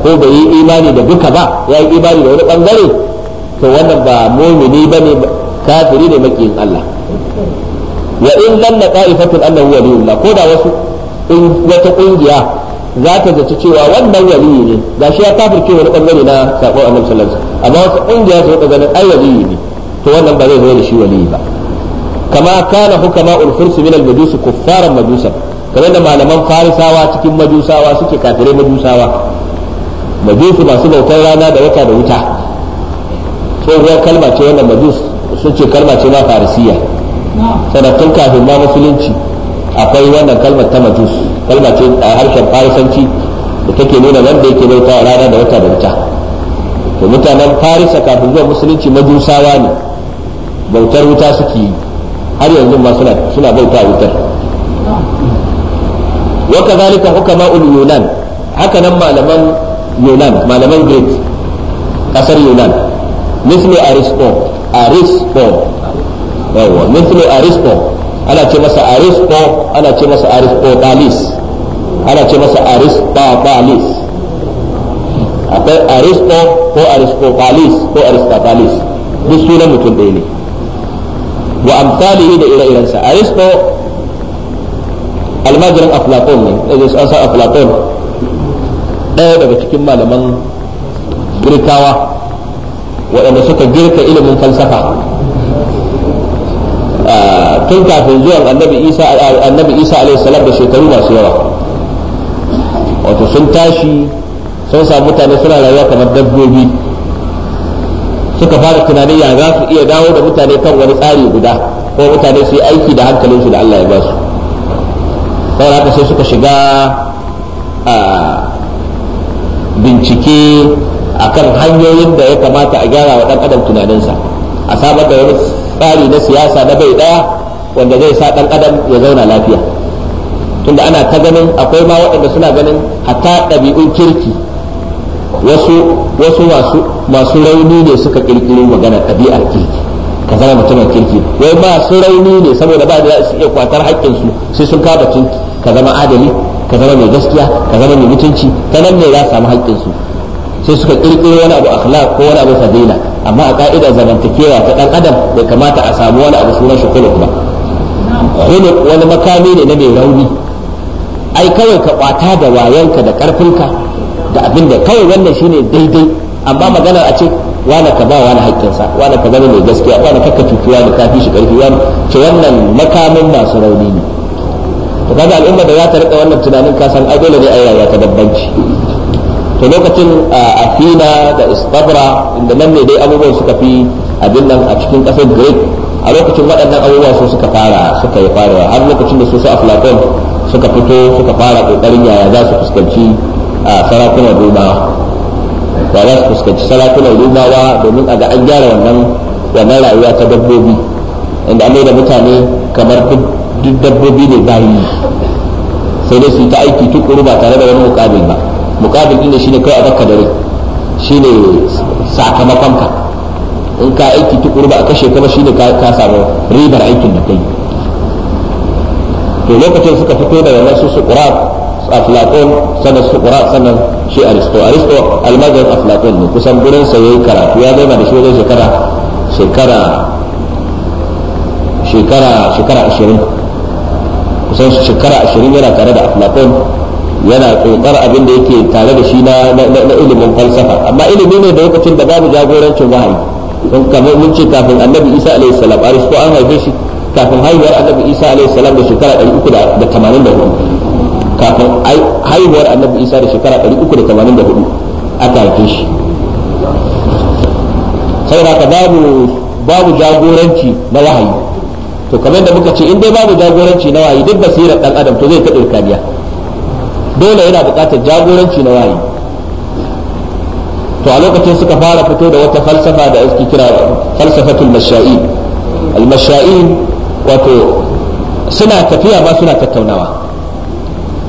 ko bai yi imani da duka ba ya yi imani da wani bangare to wannan ba mu'mini bane kafiri ne makiyin Allah wa in lam na ta'ifatul annahu waliyullah ko da wasu in wata kungiya za ka zaci cewa wannan waliyi ne ga shi ya kafirce wani bangare na sakon annabi sallallahu alaihi wasallam amma wasu kungiya su rika ganin ai waliyi ne to wannan ba zai zo da shi waliyi ba kama kana hukama ul furs min al majus kuffaran majusa kamar da malaman farisawa cikin majusawa suke kafirai majusawa majusu masu bautar rana da wata da wuta tsohuwar kalma ce wannan majus sun ce kalma ce ma farisiya sanatun kafin ma musulunci akwai wannan kalmar ta majus kalma ce a harshen farisanci da take nuna wanda yake bauta a rana da wata da wuta to mutanen farisa kafin zuwa musulunci majusawa ne bautar wuta suke yi har yanzu ma suna suna bauta wutar wa kadhalika hukama ul yunan haka nan malaman yunan malaman greek kasar yunan misli aristo aristo yawa misli aristo ana ce masa aristo ana ce masa aristotalis ana ce masa aristotalis akwai aristo ko aristotalis ko aristotalis duk sunan mutum ɗaya ne wa amsalihi da ire-irensa aristo almajirin aflaton ne da zai san aflaton ɗaya daga cikin malaman girkawa waɗanda suka girka ilimin falsafa tun kafin zuwan annabi isa annabi isa alaihi salam da shekaru masu yawa wato sun tashi sun samu mutane suna rayuwa kamar dabbobi suka fara tunanin ya za su iya dawo da mutane kan wani tsari guda ko mutane su yi aiki da hankalinsu da Allah ya ba su kawai haka sai suka shiga a bincike akan hanyoyin da ya kamata a gyara wa ɗan adam tunaninsa a samar da wani tsari na siyasa na bai daya wanda zai sa dan adam ya zauna lafiya tunda ana ta ganin akwai ma waɗanda suna ganin hatta ɗabi'un kirki wasu wasu masu masu rauni ne suka kirkiro magana ɗabi'ar kirki ka zama mutumin kirki wai masu rauni ne saboda ba da su iya kwatar haƙƙinsu sai sun kaba ka zama adali ka zama mai gaskiya ka zama mai mutunci ta nan ne za su samu su sai suka kirkiro wani abu akhlaq ko wani abu fadila amma a ka'ida zamantakewa ta dan adam bai kamata a samu wani abu sunan shi ba khuluq wani makami ne na mai rauni ai kawai ka kwata da wayanka da karfinka da abin da kawai wannan shine daidai amma maganar a ce wani ka ba wani haƙƙinsa wani ka zama mai gaskiya wani kakka tutuwa da kafi shi ƙarfi wani to wannan makamin masu rauni ne to kaga al'umma da za ta rika wannan tunanin ka san ai dole ne ayyaya ta dabbanci to lokacin a Athena da Istabra inda nan ne dai abubuwan suka fi abin nan a cikin ƙasar Greek a lokacin waɗannan abubuwa su suka fara suka yi farawa har lokacin da su su Aflatun suka fito suka fara ƙoƙarin yaya za su fuskanci sarakunan Romawa ba za su fuskanci sarakunan Romawa domin a ga an gyara wannan wannan rayuwa ta dabbobi inda an da mutane kamar duk dabbobi ne bayi sai dai su yi ta aiki tukuru ba tare da wani mukamin ba mukabil din shine kai a baka dare shine sakamakon ka in ka aiki tukuru ba a kashe ka ba shine ka samu ribar aikin da kai to lokacin suka fito da wannan su suqrat aflatun sanan suqrat sanan shi aristo aristo almajid aflatun ne kusan gurin sa yayi karatu ya zama da shi wajen shekara shekara shekara shekara 20 kusan shekara 20 yana tare da aflatun yana tsokar abin da yake tare da shi na ilimin falsafa amma ilimi ne da lokacin da babu jagorancin wahayi don kamar mun ce kafin annabi isa alaihi salam aristo an haife shi kafin haihuwar annabi isa alaihi salam da shekara 384 kafin haihuwar annabi isa da shekara 384 aka haife shi sai ka babu babu jagoranci na wahayi to kamar da muka ce in dai babu jagoranci na wahayi duk basirar dan adam to zai ta kaniya dole yana buƙatar jagoranci na wayi to a lokacin suka fara fito da wata falsafa da ake kira falsafatul masha'in al masha'in wato suna tafiya ma suna tattaunawa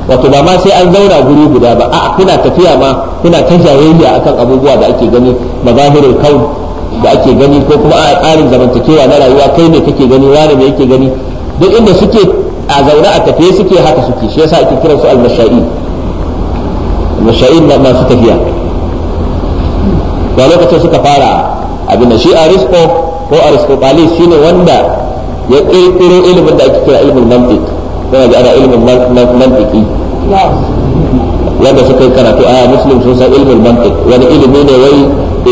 wato ba ma sai an zauna guri guda ba a kuna tafiya ma kuna ta jayayya akan abubuwa da ake gani mazahirul kaun da ake gani ko kuma a tsarin zamantakewa na rayuwa kai ne kake gani wani ne yake gani duk inda suke a zaune a tafiye suke haka suke shi yasa ake kiransu al-mashai mashayin na masu tafiya da lokacin suka fara abin da shi arisko ko arisko bali ne wanda ya kirkiro ilimin da ake kira ilimin mantik yana da ana ilimin mantiki yadda suka yi karatu a muslim sun san ilimin mantik wani ilimi ne wai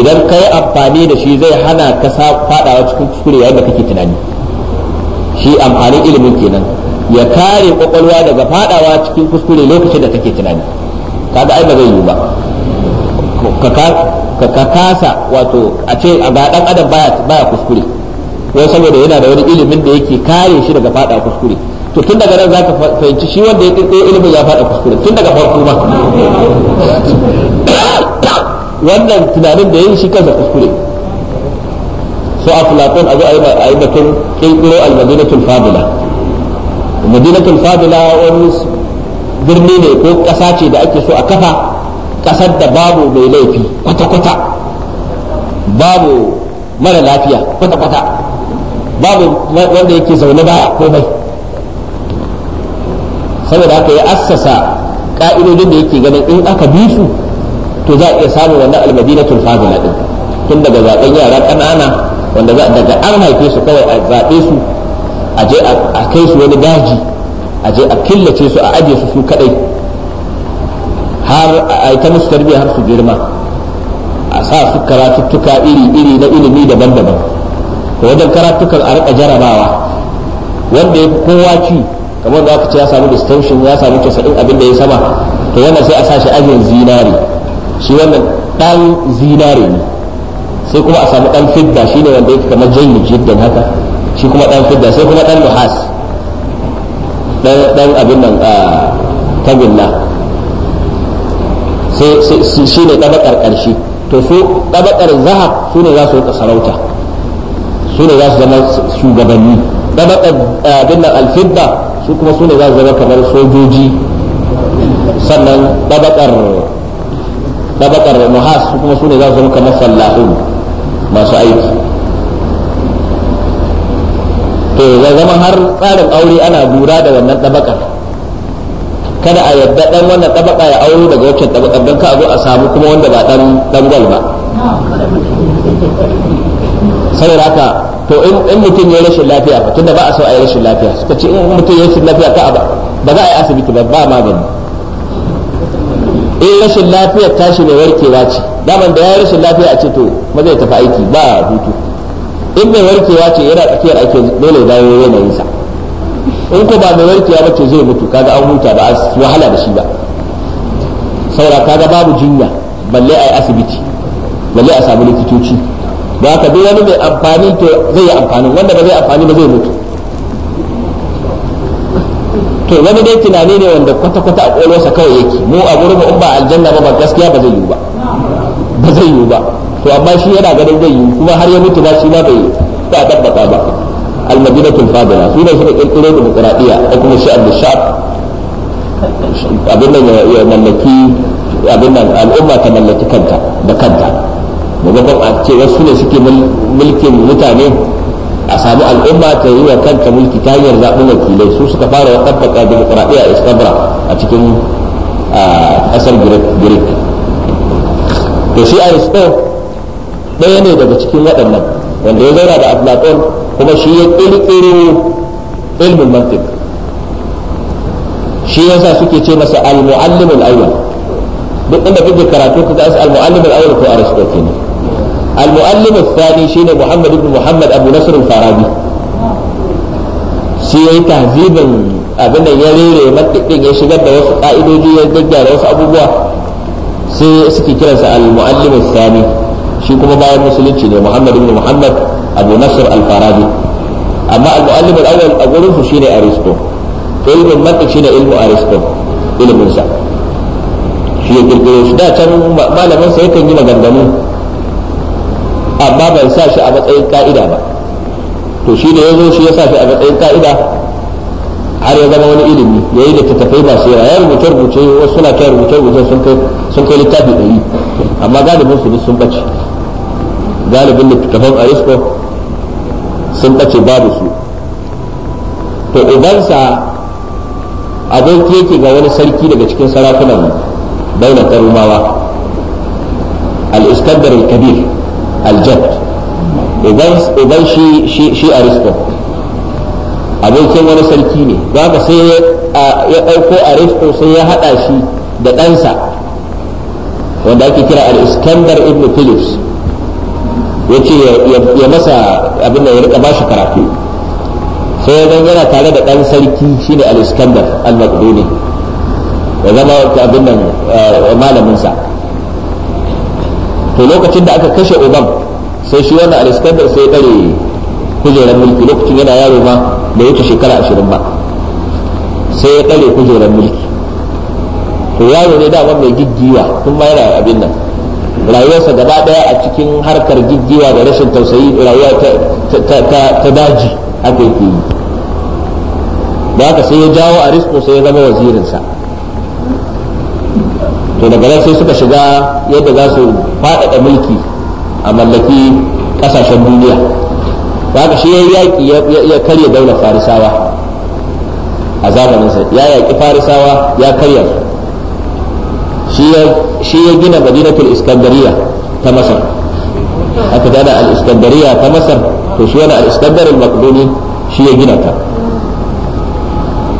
idan kai amfani da shi zai hana ka fadawa cikin kuskure yayin da kake tunani shi amfanin ilimin kenan ya kare kwakwalwa daga fadawa cikin kuskure lokacin da kake tunani kaga ai ba zai yi ba ka kasa wato a ce a ga dan adam baya baya kuskure ko saboda yana da wani ilimin da yake kare shi daga fada kuskure to tun daga nan zaka fahimci shi wanda ya kirkiro ilimin ya fada kuskure tun daga farko ba wannan tunanin da yayi shi kansa kuskure so aflatun azo a yi batun kirkiro al-madinatul fadila madinatul fadila wani birni ne ko ƙasa ce da ake so a kafa ƙasar da babu mai laifi kwata-kwata babu mara lafiya kwata-kwata babu wanda yake zaune baya komai saboda haka ya assasa ka'idodin da yake ganin in aka bi su to za a iya samun wannan almadinatul fadila din tun daga zaben yara ƙanana wanda za daga an haife su kawai a zaɓe su a je a kai su wani daji a je a killace su a ajiye su su kadai har a ta musu tarbiyya har su girma a sa su karatuttuka iri-iri na ilimi daban-daban wajen karatukan a rika jarabawa wanda ya fi kowa ci kamar da aka ce ya samu distinction ya samu casa'in abin da ya sama to wannan sai a sa shi ajin zinare shi wannan dan zinare ne sai kuma a samu dan fidda shi ne wanda yake kamar jayyi jiddan haka shi kuma dan fidda sai kuma dan luhas dan abin nan a ah, tagulla sai shi ne tabakar karshe to su tabakar zahab su ne za su rika sarauta su ne za su zama shugabanni tabakar ah, abin nan alfidda su kuma su ne za su zama kamar sojoji sannan tabakar tabakar muhas su kuma su ne za su zama kamar sallahu masu aiki to ya zama har tsarin aure ana lura da wannan tabakar kada a yadda dan wannan tabaka ya auro daga wancan tabakar don ka a zo a samu kuma wanda ba dan dan gwal ba saboda haka to in mutum ya rashin lafiya ba tunda ba a so a yi rashin lafiya suka ce in mutum ya rashin lafiya ka ba ba za a yi asibiti ba ba magani in eh, rashin lafiya tashi mai warkewa ce daman da ya rashin lafiya a ce to ma zai tafi aiki ba hutu in mai warkewa ce yana tafiyar ake dole dawo yanayin sa in ko ba mai warkewa ba ce zai mutu kaga an huta ba a wahala da shi ba saura kaga babu jinya balle a yi asibiti balle a samu likitoci ba ka duk wani mai amfani to zai yi amfani wanda ba zai amfani ba zai mutu to wani dai tunani ne wanda kwata-kwata a ƙwaƙwalwarsa kawai yake mu a gurin in ba aljanna ba ba gaskiya ba zai yiwu ba ba zai yiwu ba to amma shi yana ganin zai yi kuma har ya mutu ba shi ma bai ba tabbata ba almadinatul fadila su ne suka kirkiro demokradiya da kuma shi da sha'ab abin nan ya mallaki abin nan al'umma ta mallaki kanta da kanta ban a ce wasu ne suke mulkin mutane a samu al'umma ta yi wa kanta mulki ta hanyar zaɓen wakilai su suka fara wa tabbata demokradiya a istabra a cikin ƙasar greek to shi aristo ɗaya ne daga cikin waɗannan wanda ya zauna da aflatun kuma shi ya ƙirƙiro ilmin mantik. shi yasa suke ce masa al-muallim al duk inda kake karatu kaga ga al-muallim al ko aristotle ne al-muallim al-thani shine muhammad ibn muhammad abu nasr al-farabi shi yayi tahzibin abin da ya rere mantiqin ya shigar da wasu ka'idoji ya gaggara wasu abubuwa sai suke kiransa al-muallim thani shi kuma bayan musulunci ne muhammad ibn muhammad abu nasr al-farabi amma al-mu'allim al-awwal a gurin su shine aristo to ilmin mantiq shine ilmu aristo ilmin sa shi ya kirkiro shi da can malamin sa yakan yi maganganu amma ban sa shi a matsayin ka'ida ba to shi da zo shi ya sa shi a matsayin ka'ida har ya zama wani ilimi ya yi littattafai masu yawa ya rubuce rubuce wasu suna ta rubuce rubuce sun kai littafi ɗari amma galibin su sun bace galibin littattafan aristo sun ɓace babu su to idan sa aboki yake ga wani sarki daga cikin sarakunan daular rumawa al-iskandar al-kabir al-jad uban shi aristo abokin wani sarki ne za ka sai ya ɗauko aristo sai ya haɗa shi da ɗansa wanda ake kira al-iskandar ibn philips ya ce ya masa abin da ya rika bashi karatu sai ya zan yana tare da ɗan sarki shine al-iskandar al-maqduni ya zama abin nan eh, malaminsa to lokacin da aka kashe uban sai shi wannan al-iskandar sai ya ɗare kujerar mulki lokacin yana yaro ma da wuce shekara ashirin ba sai ya ɗare kujerar mulki to yaro ne dama mai giggiwa kuma yana abin nan rayuwarsa gaba daya a cikin harkar jijjiwa da rashin tausayi rayuwa ta daji haka yake yi da haka sai ya jawo a risko sai ya zama wazirinsa to daga nan sai suka shiga yadda za su faɗaɗa mulki a mallaki ƙasashen duniya da haka shi ya yaƙi ya karya daular farisawa a zamaninsa ya yaƙi farisawa ya karya su shi ya gina madinatul iskandariya ta masar aka gada al-iskandariya ta masar to shi wani al-iskandar shi ya gina ta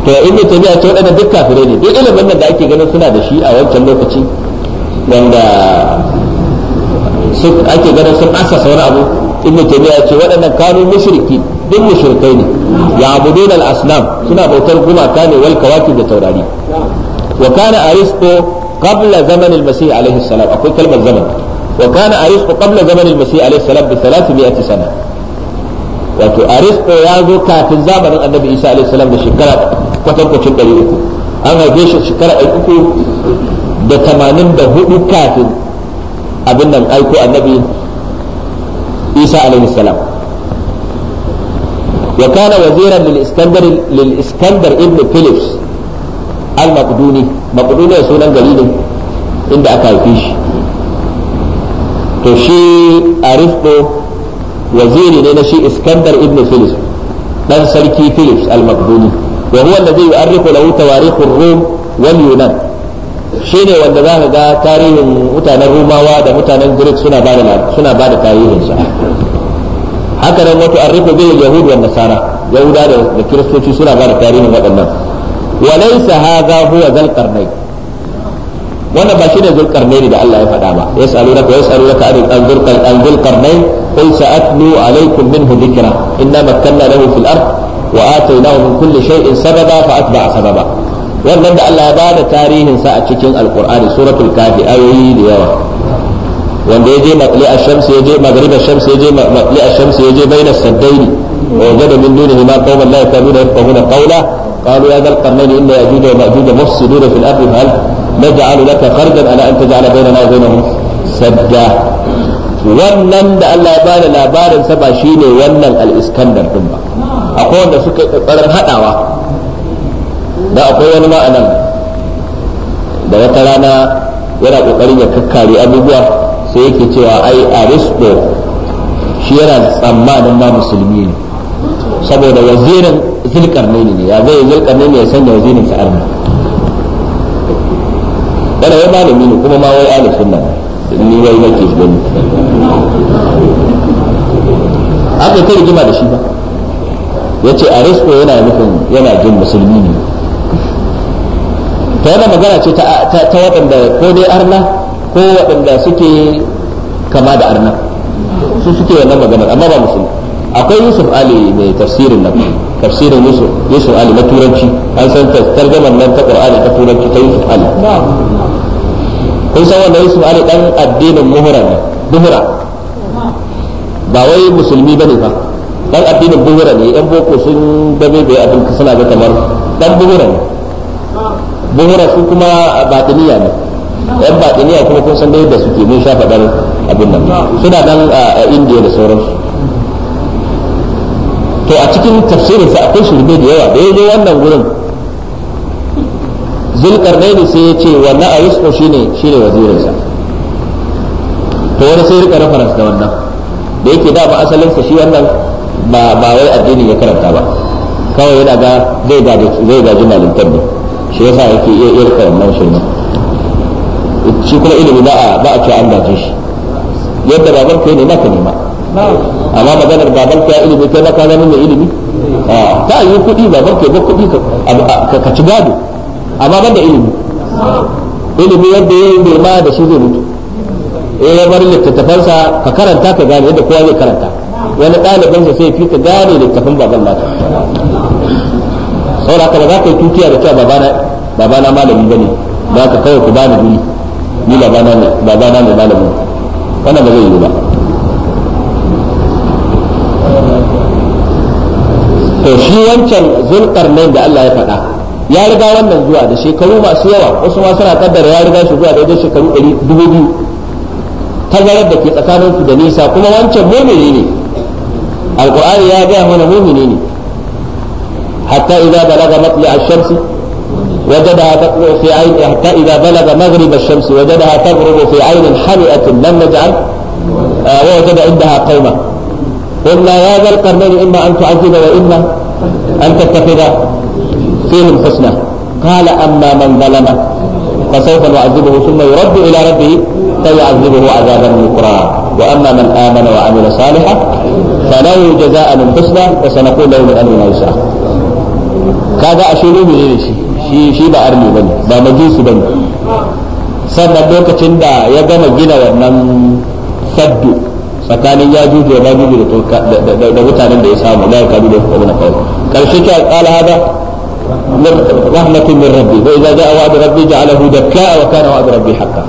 to ibnu tabi'a ce wadanda duk kafirai ne duk ilimin nan da ake ganin suna da shi a wancan lokaci wanda ake ganin sun asasa wani abu ibnu tabi'a ce waɗannan kanu mushriki duk mushrikai ne ya'budun al aslam suna bautar gumaka ne wal kawakib da taurari wa kana aristo qabla zaman al-masih alaihi akwai kalmar zaman wa kana arifqu qabla zaman al-masih alaihi wato arifqu ya zo kafin zamanin annabi isa alaihi da shekara kwatankwacin 300 an haife shi shekara 300 da 84 kafin abin nan aiko annabi isa alaihi salam وكان waziran lil iskandar ابن فيليبس al-maqduni maqduni sunan gari ne inda aka haife shi to shi arifdo waziri ne na shi iskandar ibn philips dan sarki philips al-maqduni wa huwa alladhi yu'arriqu lahu tawarikh ar-rum wal yunan shine wanda zaka ga tarihin mutanen rumawa da mutanen greek suna ba da suna ba da tarihin sa haka nan wato arriku bil yahud wa nasara yahuda da kiristoci suna ba da tarihin waɗannan walaysa hadha huwa zal qarnai wannan ba shi ne zul qarnai da Allah ya faɗa ba yasalunaka yasalunaka an zul an zul qarnai qul sa'atlu alaykum minhu dhikra inna makkanna lahu fil ard wa ataynahu min kulli shay'in sababa fa atba'a sababa wannan da Allah ya bada tarihin sa a cikin alkur'ani suratul kafi ayoyi da yawa wanda ya je matli a shams ya je magrib shams ya matli a shams ya je bainas saddaini wa wajada min dunihi ma qauman la yakaduna yafqahuna qawla قالوا يا ذا القرنين إن يأجوج ومأجوج مفسدون في الأرض فهل نجعل لك خرجا على أن تجعل بيننا وبينهم سدا wannan da Allah ya bada labarin sa ba shine wannan al-Iskandar din ba akwai wanda suka yi kokarin hadawa da akwai wani ma'anan da wata rana yana kokarin ya kakkare abubuwa sai yake cewa ai Aristo shi yana tsammanin ma musulmi ne saboda wazirin zulkarnaini ne ya zai zulkarnaini ya sanya zinin sa arna yana wai malami ne kuma ma wai ahlus sunna ni wai nake shi gani aka ta rigima da shi ba yace aristo yana nufin yana jin musulmi ne ta yana magana ce ta waɗanda ko dai arna ko waɗanda suke kama da arna su suke wannan maganar amma ba musulmi akwai yusuf ali mai tafsirin nan tafsirin yusuf yusuf ali na turanci an san ta tarjamar nan ta qur'ani ta turanci ta yusuf ali kun san wannan yusuf ali dan addinin muhura ne buhura ba wai musulmi bane fa dan addinin buhura ne yan boko sun gabe bai abin suna ga kamar dan buhura ne buhura su kuma batiniya ne yan batiniya kuma kun san da yadda suke mun sha faɗar abin nan suna nan a indiya da sauransu to a cikin tafsirinsa akwai shirme da yawa da yayi wannan gurin zulkarnaini sai ya ce wa na'ayisku shine shine sa to wani sai rika reference da wannan da yake da ba sa shi wannan ba ba wai addini ya karanta ba kawai yana ga zai gaji zai gaji malintar ne shi yasa yake iya iya rika wannan shirme shi kuma ilimi ba a ba a ce an gaje shi yadda baban kai ne naka ma. amma maganar baban ka ilimi kai ma ka zama mai ilimi ah, ta yi kuɗi baban ka ba kuɗi ka ci gado amma ban da ilimi ilimi yadda ya yi ma da shi zai mutu eh ya bar littattafansa ka karanta ka gane yadda kowa zai karanta wani sa sai fi ka gane littafin baban naka saboda haka ba za ka yi tutiya da cewa babana malami bane ba ka kawai ku bani guri ni babana ne malami wannan ba zai yi ba to shi wancan zulkarnain da Allah ya faɗa ya riga wannan zuwa da shekaru masu yawa wasu ma suna kaddara ya riga shi zuwa da wajen shekaru ɗari dubu biyu tazarar da ke tsakanin su da nisa kuma wancan mumini ne alqur'ani ya gaya mana mumini ne hatta idza balaga matla ash-shamsi وجدها تطلع في عين حتى إذا بلغ مغرب الشمس وجدها تغرب في عين حمئة لم نجعل wajada indaha قوما قلنا يا ذا القرنين إما أن تعذب وإما أن تتخذ فيهم حسنة قال أما من ظلم فسوف نعذبه ثم يرد إلى ربه فيعذبه عذابا نكرا وأما من آمن وعمل صالحا فله جزاء من حسنى وسنقول له من أمرنا يسرا kaga a shiru ne shi shi shi ba arni بني ba majusi bane sannan lokacin da ya tsakanin ya juju da majuju da mutanen da ya samu la yakadu da kuma na kawai karshe ta kala hada rahmatun min rabbi wa idza jaa wa'd rabbi ja'alahu dakka wa kana wa'd rabbi haqqan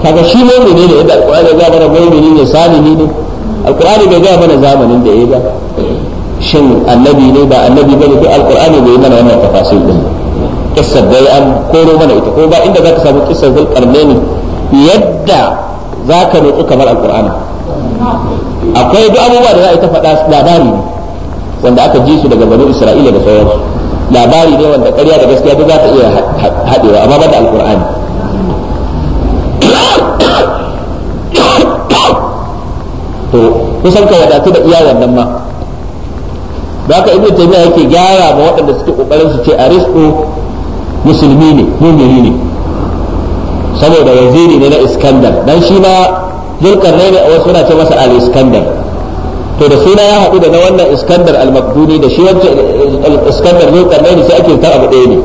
kaga shi mu'mini ne da alqur'ani ya ga mana mu'mini ne salihi ne alqur'ani bai ga mana zamanin da ya ba. shin annabi ne ba annabi bane duk alqur'ani bai mana wannan tafasil din kissar dai an koro mana ita ko ba inda zaka samu kissar zulqarnaini yadda zaka nutsu kamar alqur'ani akwai duk abubuwa da za a yi ta faɗa labari ne wanda aka ji su daga banu isra'ila da sauransu labari ne wanda ƙarya da gaskiya duk za ta iya haɗewa amma ba da alƙur'ani to kusan ka wadatu da iya wannan ma da haka ibnu taymiya yake gyara ma waɗanda suke kokarin su ce arisko musulmi ne mumini ne saboda waziri ne na iskandar dan shi ma zulkarnaini a wasu suna ce masa al-iskandar to da suna ya haɗu da na wannan iskandar al-makduni da shi wancan eh, iskandar zulkarnaini sai ake kan abu ɗaya ne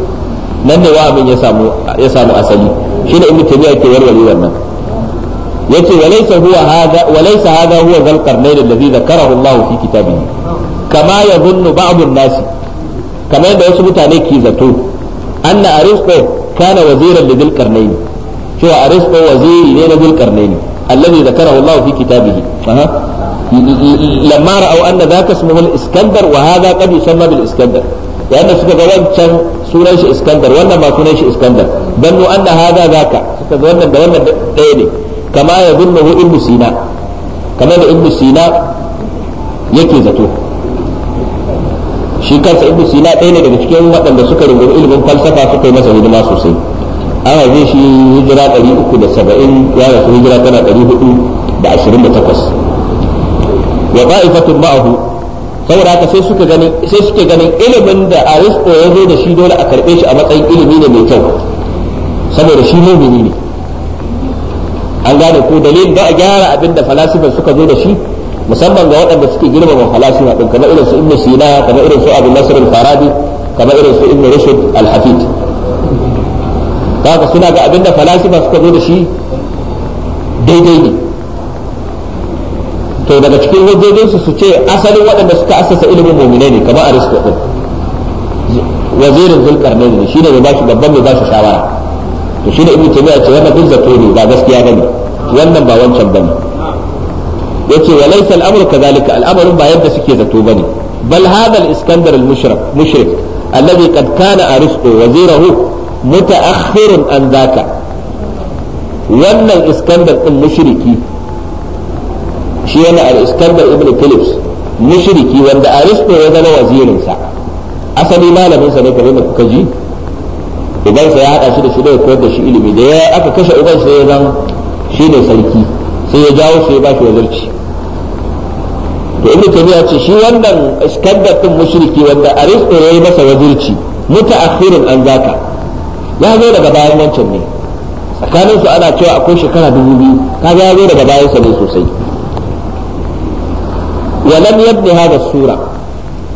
nan ne wa abin ya samu asali shi ne ibnu tabiya yake warware wannan yace walaysa huwa hada walaysa hada huwa zulkarnaini alladhi dhakarahu Allah fi kitabihi kama yadhunnu ba'd an-nasi kama yadda wasu mutane ke zato anna aristo kana waziran da zulkarnaini cewa aristo waziri ne na zulkarnaini alladhi dhakarahu Allah fi kitabihi aha lamma ra'aw anna dhaka ismuhu al-iskandar wa hadha qad yusamma bil iskandar yayin suka ga wancan sunan shi iskandar wannan ba sunan shi iskandar dannu anna hadha dhaka suka ga wannan da wannan ɗaya ne kama ya kamar zato shi kansa ibnu sina ɗaya ne daga cikin waɗanda suka rungumi ilimin falsafa suka yi masa hidima sosai an haife shi hijira 370 ya rasu hijira tana 428 wa ta'ifatun ma'ahu saboda haka sai suka ganin sai suke ganin ilimin da aristo ya zo da shi dole a karbe shi a matsayin ilimi ne mai kyau saboda shi mumini ne an gane ko dalilin da a gyara abin da falasifa suka zo da shi musamman ga waɗanda suke girmama falasifa din kamar irin su ibnu sina kamar irin su abu nasr al-farabi kamar irin su ibnu rushd al kaga suna ga abinda falasifa suka zo da shi daidai ne to daga cikin hujjojinsu su ce asalin waɗanda suka asasa ilimin mu'minai ne kamar aristo din wazirin zulkarnain ne shine mai bashi babban mai bashi shawara to shine ibnu taymiya ce wannan duk zato ne ba gaskiya bane wannan ba wancan bane yace wa laysa al-amru kadhalika al-amru ba yadda suke zato bane bal hadha al-iskandar al-mushrik mushrik alladhi qad kana aristo wazirahu mutaakhirun an zaka wannan iskandar din mushriki shi yana al-iskandar ibn philips mushriki wanda aristo ya zama wazirinsa asali malamin sa ne kamar da kuka ji idan ya hada shi da shi da koyar da shi ilimi da ya aka kashe uban zan shi ne sarki sai ya jawo ya to ce shi wannan iskandar ɗin mushriki wanda aristo ya yi masa wazirci mutaakhirun an zaka ya zo daga bayan wancan ne tsakanin su ana cewa akwai shekara dubu biyu kaga ya zo daga bayan sa ne sosai wa lam yabni hadha sura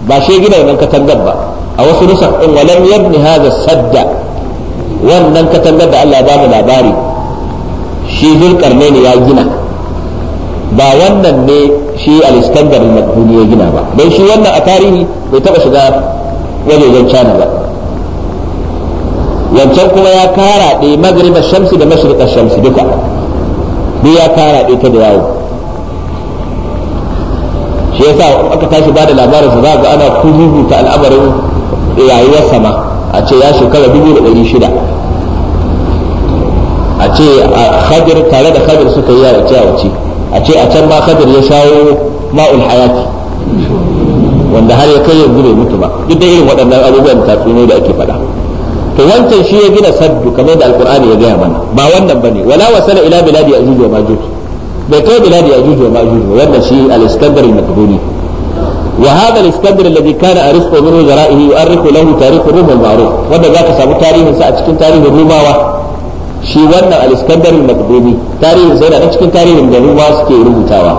ba shi gina wannan katangar ba a wasu nusak din wa lam yabni hadha sadda wannan katangar da Allah ba mu labari shi ne ya gina ba wannan ne shi al-iskandar al ya gina ba dan shi wannan a tarihi bai taba shiga wajejen China ba wancan kuma ya kara ɗaya magribar shamsi da mashriƙar shamsi duka duk ya kara ɗaya ta da yawo shi yasa aka tashi ba da labarin su za ga ana kuzuzuta al'amarin rayuwar sama a ce ya shekara dubu da ɗari shida a ce a khadir tare da khadir suka yi yawace wace a ce a can ma khadir ya shawo ma'ul hayati wanda har ya kai yanzu bai mutu ba duk da irin waɗannan abubuwan tatsuniyoyi da ake faɗa to wancan shi ya gina saddu kamar da alqur'ani ya gaya mana ba wannan bane wala wasala ila biladi ajuj wa majuj bai kai biladi ajuj wa majuj wannan shi al-iskandar al-makduni wa hadha al-iskandar alladhi kana arifqu minhu zara'ihi yu'arrifu lahu tarikh rum al-ma'ruf wanda zaka samu tarihin sa a cikin tarihin rumawa shi wannan al-iskandar al-makduni tarihin sa yana cikin tarihin da rumawa suke rubutawa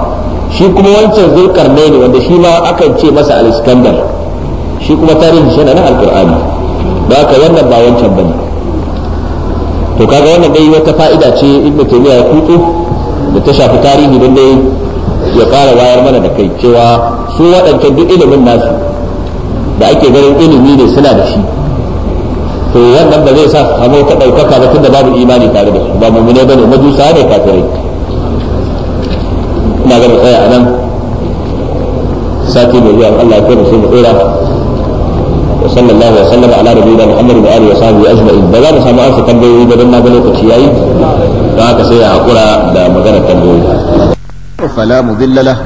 shi kuma wancan zulkarnaini wanda shi ma akan ce masa al-iskandar shi kuma tarihin shi na alqur'ani da haka wannan ba wancan bane to kaga wannan dai wata fa'ida ce ibnu taymiya ya kuto da ta shafi tarihi don dai ya fara wayar mana da kai cewa su waɗancan duk ilimin nasu da ake ganin ilimi ne suna da shi to wannan ba zai sa su samu ta ɗaukaka ba tunda babu imani tare da su ba ne bane majusa ne kafirai ina ga tsaya a nan sati mai zuwa Allah ya kai mu sai mu tsira sallallahu alaihi wasallam ala nabiyina muhammad wa alihi wa sahbihi ajma'in ba za mu samu ansa tambayoyi ba dan na ga lokaci yayi don haka sai a hakura da magana tambayoyi fala